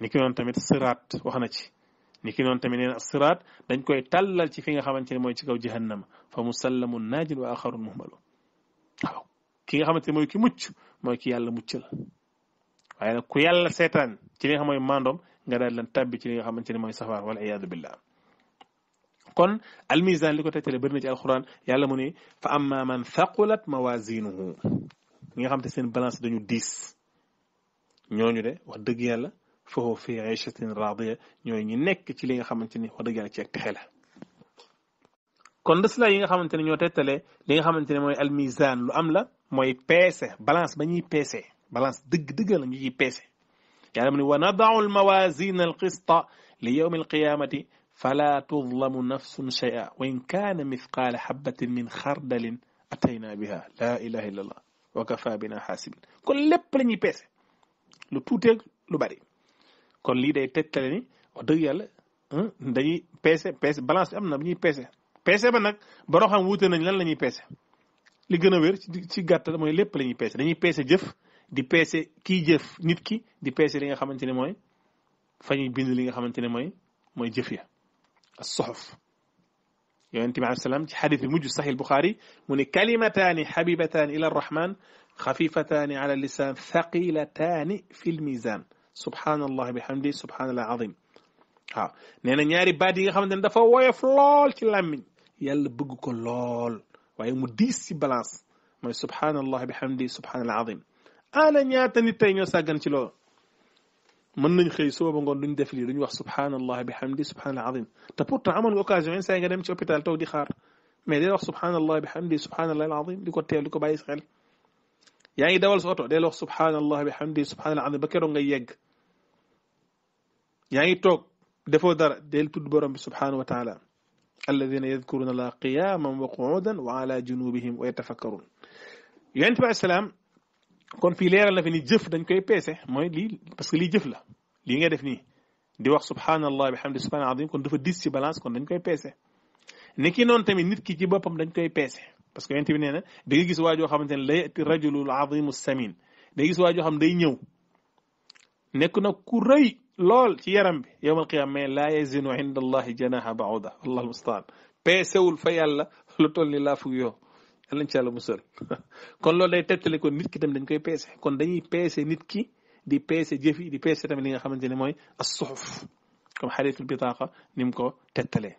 ni ki noonu tamit siraat wax na ci ni ki noonu tamit nee dañ koy tàllal ci fi nga xamante ne mooy ci kaw jahannama fa musallamun naajin wa axarun muhmalu waaw ki nga xamante ne mooy ki mucc mooy ki yàlla muccal waaye nag ku yàlla seetaan ci li nga xam mooy maandoom nga daal leen tàbbi ci li nga xamante ne mooy safaar wala iyaadu billah kon almizan li ko tegtale bëri na ci alxuraan yàlla mu ne fa amma man thaqulat mawazinuhu nga xam te seen balance dañu 10 ñooñu de wax deug yàlla fa foofu fi ayshatin radiya ñooy ñi nek ci li nga xamanteni wax deug yàlla ci ak texe kon dess la yi nga xamanteni ne ñoo tegtale li nga xamanteni moy al mizan lu am la moy peese balance ba ñuy peese balance deug deug la ñu ci peese yàlla mu ne wa mawazin al alqista li yawm al qiyamati فلا تظلم نفس شيئا وإن كان مثقال حبة من خردل أتينا بها لا إله إلا الله وكفى بنا حاسب كل لب لني بس لو توتي لو باري كل لي داي تتلني ودي يالا داي بس بس بالانس أمنا بني بس بس بناك بروحان ووتي نان لن لني بس لي گنا وير سي گاتال موي لب لني بس داني بس جف دي بس كي جف نيت كي دي بس ليغا خامتيني موي فاني بيند ليغا خامتيني موي موي جف يا الصحف يعني أنت مع السلام حديث المجد صحيح البخاري من كلمتان حبيبتان إلى الرحمن خفيفتان على اللسان ثقيلتان في الميزان سبحان الله بحمده سبحان الله العظيم ها نينا نياري بادي خمد ندفع ويا فلول تلامين يل بقو لول ويا مديس بلاس ما سبحان الله بحمده سبحان الله العظيم أنا نياتني تينيو ساقن تلو من نين خي سو بون دون ديف لي دون سبحان الله بحمده سبحان العظيم تا بورت عمل اوكازيون ساي غادم تي اوبيتال تو دي خار مي دي سبحان الله بحمده سبحان الله العظيم ديكو تيل ديكو باي خيل يعني دول سوتو دي لوخ سبحان الله بحمده سبحان الله العظيم بكرو غاي ييغ يعني توك ديفو دار ديل تود بروم سبحانه وتعالى الذين يذكرون الله قياما وقعودا وعلى جنوبهم ويتفكرون يعني تبع السلام kon fi leral na fi ni jëf dañ koy peese moy li parce que li jëf la li ngay def ni di wax subhanallah bi hamdi subhanal azim kon dafa dis ci balance kon dañ koy peese niki non tamit nit ki ci bopam dañ koy peese parce que yentibi neena da nga gis wa jo xamanteni la yati rajulul azimus samin da gis wa jo xam day ñëw nek na ku reuy lol ci yaram bi yawmal qiyam mais la yazinu inda allahi janaha bauda wallahu almustaan wul fa yàlla lu tolli la fu yo yàlla ci yàlla musal kon loolu day tegtali kon nit ki tamit dañ koy peese kon dañuy peese nit ki di peese jëf yi di peese tamit li nga xamante ne mooy as suxuf comme xaritul bitaaqa ni mu ko tettalee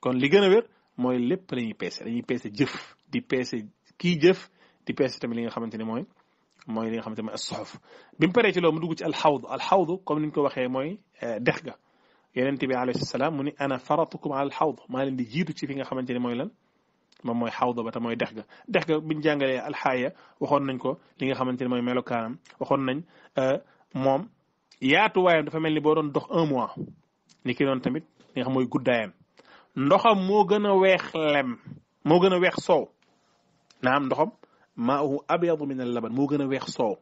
kon li gën a wér mooy lépp la ñuy peese dañuy peese jëf di peese kii jëf di peese tamit li nga xamante ne mooy mooy li nga xamante ne mooy as suxuf bi mu paree ci loolu mu dugg ci alxawdu alxawdu comme ni ñu ko waxee mooy dex ga yonent bi alayhi salaam mu ni ana faratukum ala alxawd maa leen di jiitu ci fi nga xamante ne mooy lan mom moy hawdaba ta moy mooy dex biñ jangale al haya waxon nañ ko li nga xamante ne mooy melokaanam waxoon nañ yaatu wayam dafa melni bo boo doon dox 1 mois ni ki doon tamit li nga xam moy guddayam ndoxam mo gëna wex lem mo gëna wex weex naam ndoxam maahu abyad min al laban mo gëna wex weex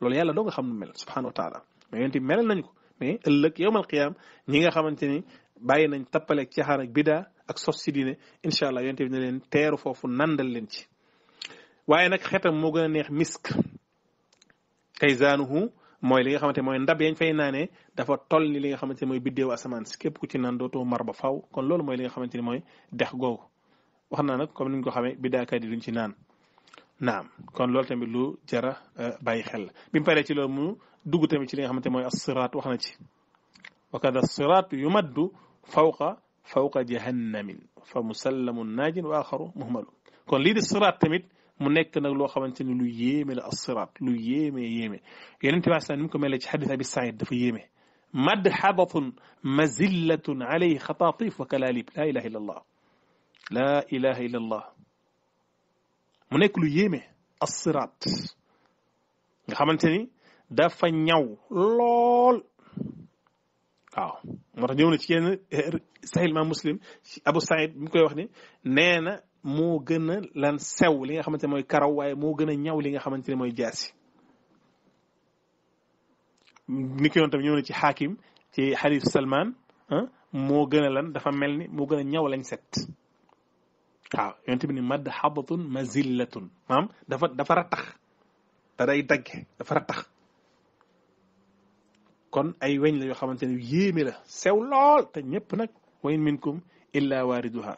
lolou yàlla do nga xam mel subhanahu wa taala mais yonent melal nañ ko mais ëllëg yowmal qiyam ñi nga xamanteni ni bàyyi nañ tappaleeg caxaan ak bida ak sos si diine incha allah yonte bi ne leen teeru foofu nandal leen ci waaye nag xetam moo gën a neex misk kaysaanuhu mooy li nga xamante mooy ndab yañ fay naanee dafa tol ni li nga xamante mooy biddeewu asamaan si képp ku ci naan mar ba faw kon loolu mooy li nga xamante ni mooy dex googu wax naa nag comme ni ñu ko xamee biddaakat yi duñ ci naan naam kon loolu tamit lu jara e, bàyyi xel bi mu paree ci loolu mu dugg tamit ci li nga xamante mooy as siraat wax na ci wa kada siraat yumaddu fawqa فوق جهنم فمسلم ناج واخر مهمل كون لي الصراط تميت مو نيك نا لو خامتيني لو ييمي الصراط لو ييمي ييمي يعني انت السلام نكم ملي حديث ابي سعيد دا ييمي مدحضه مزله عليه خطاطيف وكلاليب لا اله الا الله لا اله الا الله مو نيك لو ييمي الصراط nga xamanteni dafa ñaw waaw moo tax ñëw na ci yenn sahil ma muslim abu saïd mi koy wax ni nee na moo gën a lan sew li nga xamante ne mooy karaw waaye moo gën a ñaw li nga xamante ne mooy jaasi ni ko yoon tam ñëw na ci xaakim ci xalif salman moo gën a lan dafa mel ni moo gën a ñaw lañ set waaw yonte bi ni madd xabatun mazillatun maam dafa dafa rattax da day dagge dafa rattax kon ay weñ la yoo xamante ne yéeme la sew lool te ñëpp nag wa minkum illa waariduha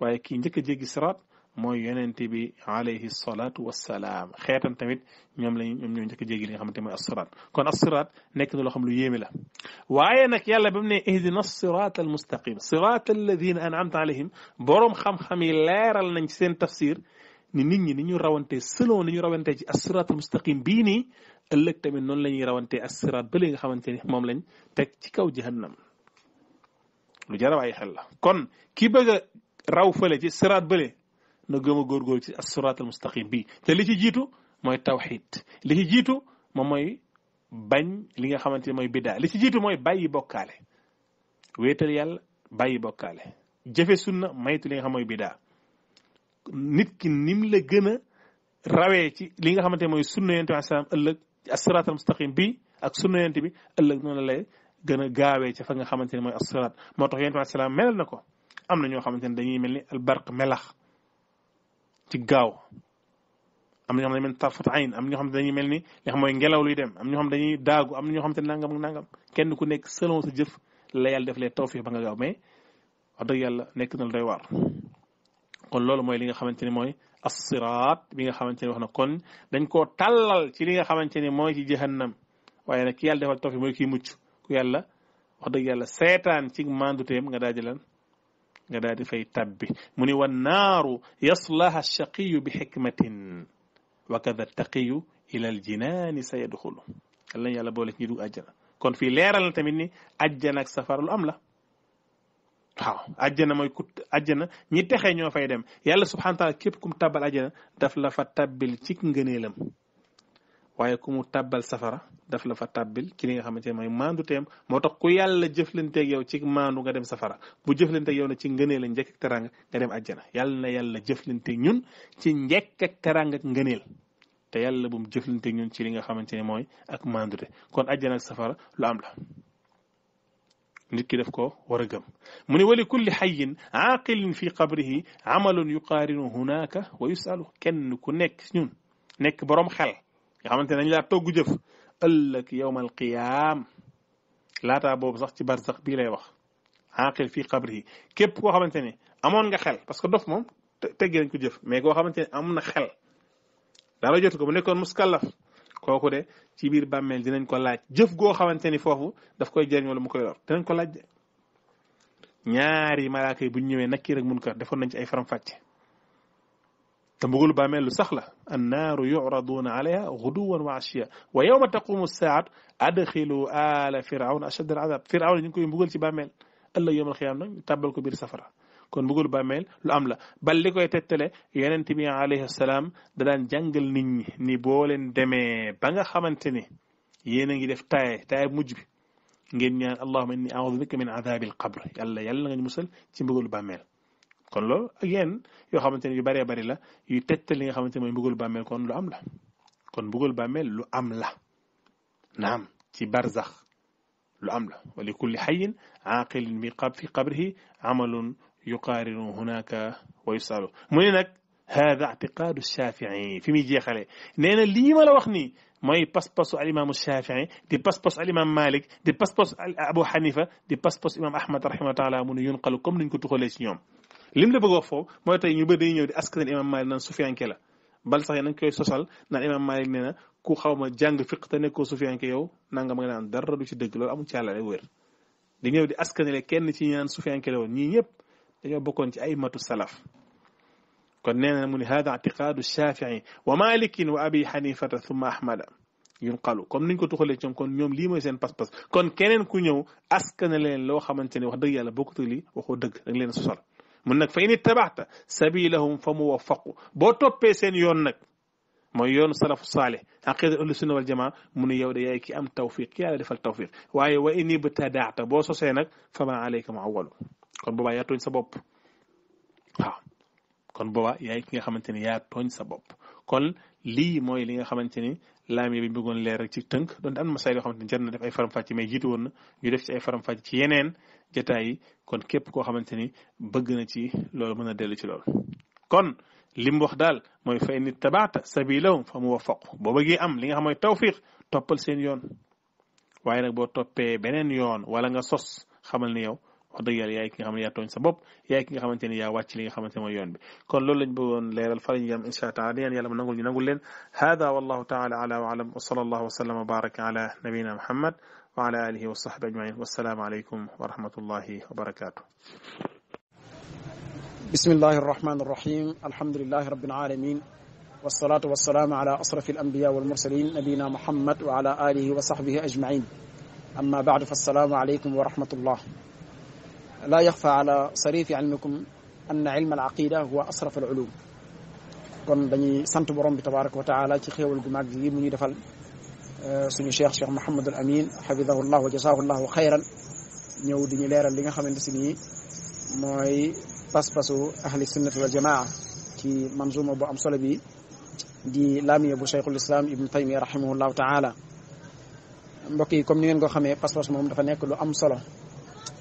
waaye kii njëkk a jéggi siraat mooy yonente bi alayhi salatu wassalaam xeetam tamit ñoom lañ ñoom ñoo njëkk a jéggi li nga xamante mooy assiraat kon assiraat nekk na loo xam lu yéeme la waaye nag yàlla ba mu ne ihdina siraat al mustaqim siraat alladina anamta alayhim borom xam-xam yi leeral nañ ci seen tafsir ni nit ñi ni ñu rawante selon ni ñu rawante ci assiraat al mustaqim bii nii ëllëg tamit noonu la ñuy rawantee as bële nga xamante ni moom lañ teg ci kaw jahannam lu jara a bàyyi xel la kon ki bëgg a raw fële ci sirat bële na gëm a góorgóorlu ci as siraat al mustaqim bi te li ci jiitu mooy tawxid li ci jiitu moom mooy bañ li nga xamante ni mooy biddaa li ci jiitu mooy bàyyi bokkaale wéetal yàlla bàyyi bokkaale jëfe sunna maytu li nga xam mooy biddaa nit ki nim la gën a rawee ci li nga xamante mooy sunna yonent bi salaam ëllëg assiraat al mustaqim bi ak sunna yonent bi ëllëg noonu lay gën a gaawee ca fa nga xamante ne mooy assiraat moo tax yonent bi salaam melal na ko am na ñoo xamante ne dañuy mel ni al barq melax ci gaaw am na ñoo xam ne dañuy mel ni tarfat ayn am na ñoo xam ne dañuy mel ni li xam mooy ngelaw luy dem am na ñoo xam dañuy daagu am na ñoo xam te nangam ak nangam kenn ku nekk selon sa jëf la yàlla def lee tawfiq ba nga gaaw mais wax dëgg yàlla nekk na lu doy waar kon loolu mooy li nga xamante ni mooy الصراط بيغا خامتيني واخنا كون دنجكو تالال سي ليغا خامتيني موي سي جهنم واي نك يال ديفال توفي موي كي موتش كو يالا واخ دغ يالا سيطان سي ماندوتيم غا دادي لان غا دادي فاي تابي موني والنار يصلها الشقي بحكمه وكذا التقي الى الجنان سيدخل الله يالا بولك ني دو اجنا كون في ليرال تامني اجنا سفر الاملا waaw àjjana mooy ku àjjana ñi texe ñoo fay dem yàlla subhaana taala képp ku mu daf la fa tàbbil ci ngëneelam waaye ku mu tàbbal safara daf la fa tàbbil ci li nga xamante ne mooy maandu teem moo tax ku yàlla jëflanteeg yow ci maandu nga dem safara bu jëflanteeg yow na ci ngëneel ak njëkk ak teraanga nga dem àjjana yàlla na yàlla jëflanteeg ñun ci njëkk ak teraanga ngëneel te yàlla bu mu jëflanteeg ñun ci li nga xamante ne mooy ak maandu te kon àjjana ak safara lu am la. نكدفكو ورقم من ولي كل حي عاقل في قبره عمل يقارن هناك ويسأله كن كنك سنون نك بروم خل يعمل تنين لا توقف ألك يوم القيام لا تابو بزخ تبرزق بلا وخ عاقل في قبره كيف هو خامن تاني أمون خل بس كدف مم تجين كجف ميكو خامن تاني أمون خل لا رجعتكم نكون مسكلف kooku de ci biir bàmmeel dinañ ko laaj jëf goo xamante ni foofu daf koy jëriñ wala mu koy lor dinañ ko laaj de ñaari malaaka yi bu ñu ñëwee nakki rek mun ko defoon nañ ci ay faram-fàcce te mbugalu bàmmeel lu sax la annaaru yuraduna alayha guduwan wa ashiya wa yawma taqumu saatu adxilu ala firawn ashadda al azab firawn ñu ngi koy mbugal ci bàmmeel ëllëg yowmal xiyaam nag tàbbal ko biir safara kon bëggul bàmmeel lu am la bal likoy koy tettale yonent bi alayhi salam da daan jàngal nit ñi ni bo len deme ba nga xamanteni ni ngi def tay tay mujj bi ngeen ñaan allahumma inni a'udhu bika min adabil qabr yàlla yàlla nga musal ci mbëggalu bàmmeel kon lo ak yenn yoo xamante yu bëree bëri la yu tettal li nga xamanteni moy mooy mbëggalu kon lu am la kon mbëggalu bàmmeel lu am la naam ci barzakh lu am la wa li kulli xayin aaqilin mi fi qabrihi amalun يقارن هناك ويسأل منينك هذا اعتقاد الشافعي في ميجي خلي نين اللي ما لوخني ما يبص بص على الإمام الشافعي دي بص بص على الإمام مالك دي بص بص على أبو حنيفة دي بص بص الإمام أحمد رحمه الله تعالى من ينقل لكم من كتب خليش يوم لم لبغوا فوق ما يتعي يبدين يودي أسكن الإمام مالك نان سفيان كلا بل صحيح نان كيو سوصل نان الإمام مالك نان كو خاو ما جانج فقط نان كو كيو نان غم نان درر دوش دقلول أمو تعالى لأوير دي يودي أسكن الإمام مالك نان سفيان كلا ونين يب dañoo bokkoon ci ay matu salaf kon nee na mu ni hada atiqaadu shafii wa malikin wa abi xanifata thumma ahmada yunqalu comme niñ ko tuxalee ci ñoom kon ñoom lii mooy seen pas-pas kon keneen ku ñëw askane leen loo xamante ne wax dëgg yàlla bokkatu li waxoo dëgg da nga leen sosal mun nag fa in ittabaxta sabilahum fa mu wafaqu boo toppee seen yoon nag mooy yoonu salafu saalih aqida ahlu sunna wal jamaa mu ne yow de yaay ki am tawfiq yàlla defal tawfiq waaye wa in ibtadaata boo sosee nag fa ma alayka mu awalu kon boobaa sa bopp kon boobaa yaay ki nga xamante ni yaa tooñ sa bopp kon lii mooy li nga xamante ni laam yi bi buggoon leer rek ci tënk donte am na masaay yoo xamante ni jar na ay faram-fàcce mais jiitu na ñu def ci ay faram ci yeneen jotaay yi kon képp koo xamante ni bëgg na ci loolu mën a dellu ci loolu kon li wax daal mooy fa in ittabaata mu fa muwaffaq boo bëggee am li nga xam mooy tawfiq toppal seen yoon waaye nag boo toppee beneen yoon wala nga sos xamal na yow wax dëgg yàlla yaay ki nga xam ne yaa tooñ sa bopp yaay ki nga xamante ni yaa wàcc li nga xamante mooy yoon bi kon loolu lañ bëggoon leeral farañ yam insha taala di ngeen yàlla mu nangul ñu nangul leen hada wallahu taala ala wa alam wa sallallahu wa sallam wa baraka ala nabiyina muhammad wa ala alihi wa sahbi ajmain wassalaamu aleykum wa rahmatullahi wa barakatuh بسم الله الرحمن الرحيم الحمد لله رب العالمين والصلاة والسلام على أصرف الأنبياء والمرسلين نبينا محمد وعلى آله وصحبه أجمعين أما بعد فالسلام عليكم ورحمة الله لا يخفى على صريف علمكم أن علم العقيدة هو أصرف العلوم كن بني سانت بروم بي تبارك وتعالى تي خيو الغماك دي مني سني شيخ شيخ محمد الامين حفظه الله وجزاه الله خيرا نيو دي ني ليرال ليغا خامنتي موي باس باسو اهل السنه والجماعه في منظومه بو ام صلبي دي لامي ابو شيخ الاسلام ابن تيميه رحمه الله تعالى بقي كوم ني نغا خامي باس باس موم دا لو ام صلو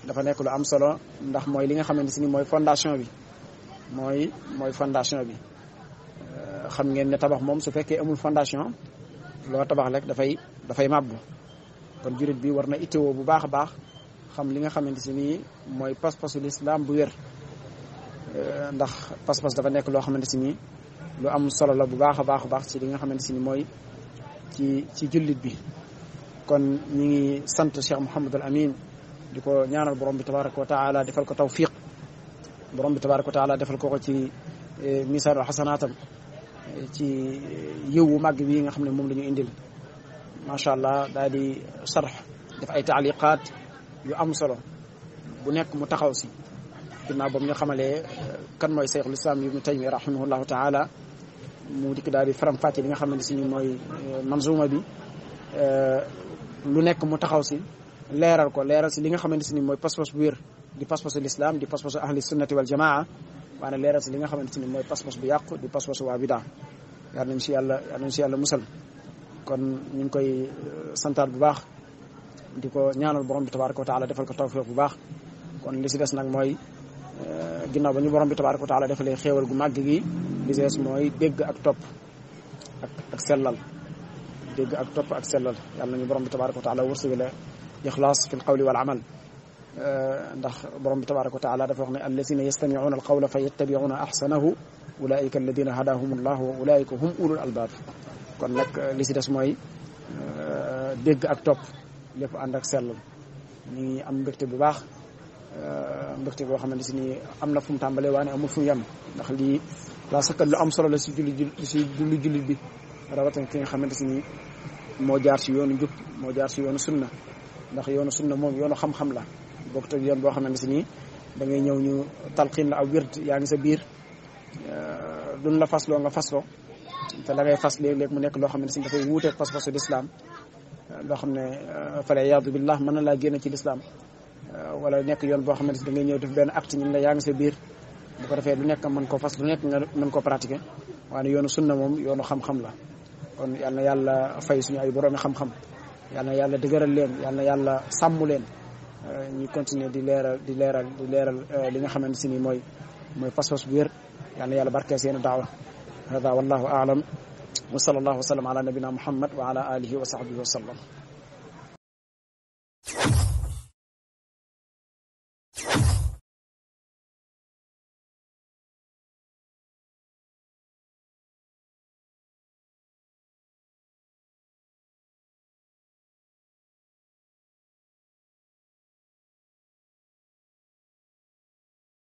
dafa nekk lu am solo ndax mooy li nga xamante si ni mooy fondation bi mooy mooy fondation bi xam ngeen ne tabax moom su fekkee amul fondation loo tabax rek dafay dafay màbbu kon jurit bi war na itteewoo bu baax a baax xam li nga xamante si nii mooy pas-pasu lislaam bu wér ndax pas-pas dafa nekk loo xamante si nii lu am solo la bu baax a baax a baax ci li nga xamante si ni mooy ci ci jullit bi kon ñi ngi sant Cheikh Mouhamadul Amin di ko ñaanal borom bi tabaraka wa taala defal ko tawfiq borom bi tabaraka wa taala defal ko ko ci misaanul xasanaatam ci yëwu màgg bi nga xam ne moom la ñu indil macha allah daal di sarx def ay taaliqaat yu am solo bu nekk mu taxaw si ginnaaw ba mu ñu xamalee kan mooy cheikhul islam ibnu taymi rahimahullahu taala mu dikk daal di faram fàcce li nga xam ne si ni mooy manzuma bi lu nekk mu taxaw si leeral ko leeral si li nga xamante si ni mooy pas-pas bu wér di pas-pasu lislaam di pas-pasu ahli sunnati wal waane leeral si li nga xamante si ni mooy pas-pas bu yàqu di pas-pasu waa si yàlla yal nañ kon ñu ngi koy euh, santaat bu baax di ko ñaanal borom bi tabaraka wa defal ko tawfiq bu baax kon li si des nag mooy euh, ginnaaw ba ñu borom bi tabaraka wa taala defalee gu màgg gi li mooy dégg ak topp ak ak sellal dégg ak topp ak sellal nañu borom bi tabaraka wa taala wërsëgale إخلاص في القول والعمل آه، ندخ برم تبارك وتعالى دفعنا الذين يستمعون القول فيتبعون أحسنه أولئك الذين هداهم الله أولئك هم أولو الألباب كن لك لسي دسموي دق أكتوب لف عندك سلم ني أم بكت بباخ أم بكت بباخ من لسي أم نفهم تعملي وانا أم فهم يم نخلي لا سكت لأم صلى لسي جلي جلي جلي بي رابطن كين خمين لسي مو جارسي يون جب مو جارسي يون سنة ndax yoonu sunna moom yoonu xam-xam la bokkut ak yoon boo xamante ni da ngay ñëw ñu talqin la aw wird yaa ngi sa biir duñ la fas fasloo nga fas fasloo te la ngay fas léeg-léeg mu nekk loo xam ne si dafay wuuteeg fas-fasu lislaam loo xam ne fale yaadu billah mën na laa génn ci lislaam wala nekk yoon boo xamante da ngay ñëw def benn acte ñun la yaa ngi sa biir bu ko defee lu nekk mën ko fas lu nekk nga mën ko pratiquer waaye yoonu sunna moom yoonu xam-xam la kon yàlla na yàlla fay suñu ay boroomi xam-xam yal na yàlla dëgëral leen yal na yàlla sàmm leen euh, ñu continuer di leeral di leeral di leeral euh, li nga xamante si ni mooy mooy fas-fas bu wér yal na yàlla barkeel seen daawa hada wallahu aalam wa sallallahu wa sallam ala nabina muhammad wa ala alihi wa sahbihi wa sallam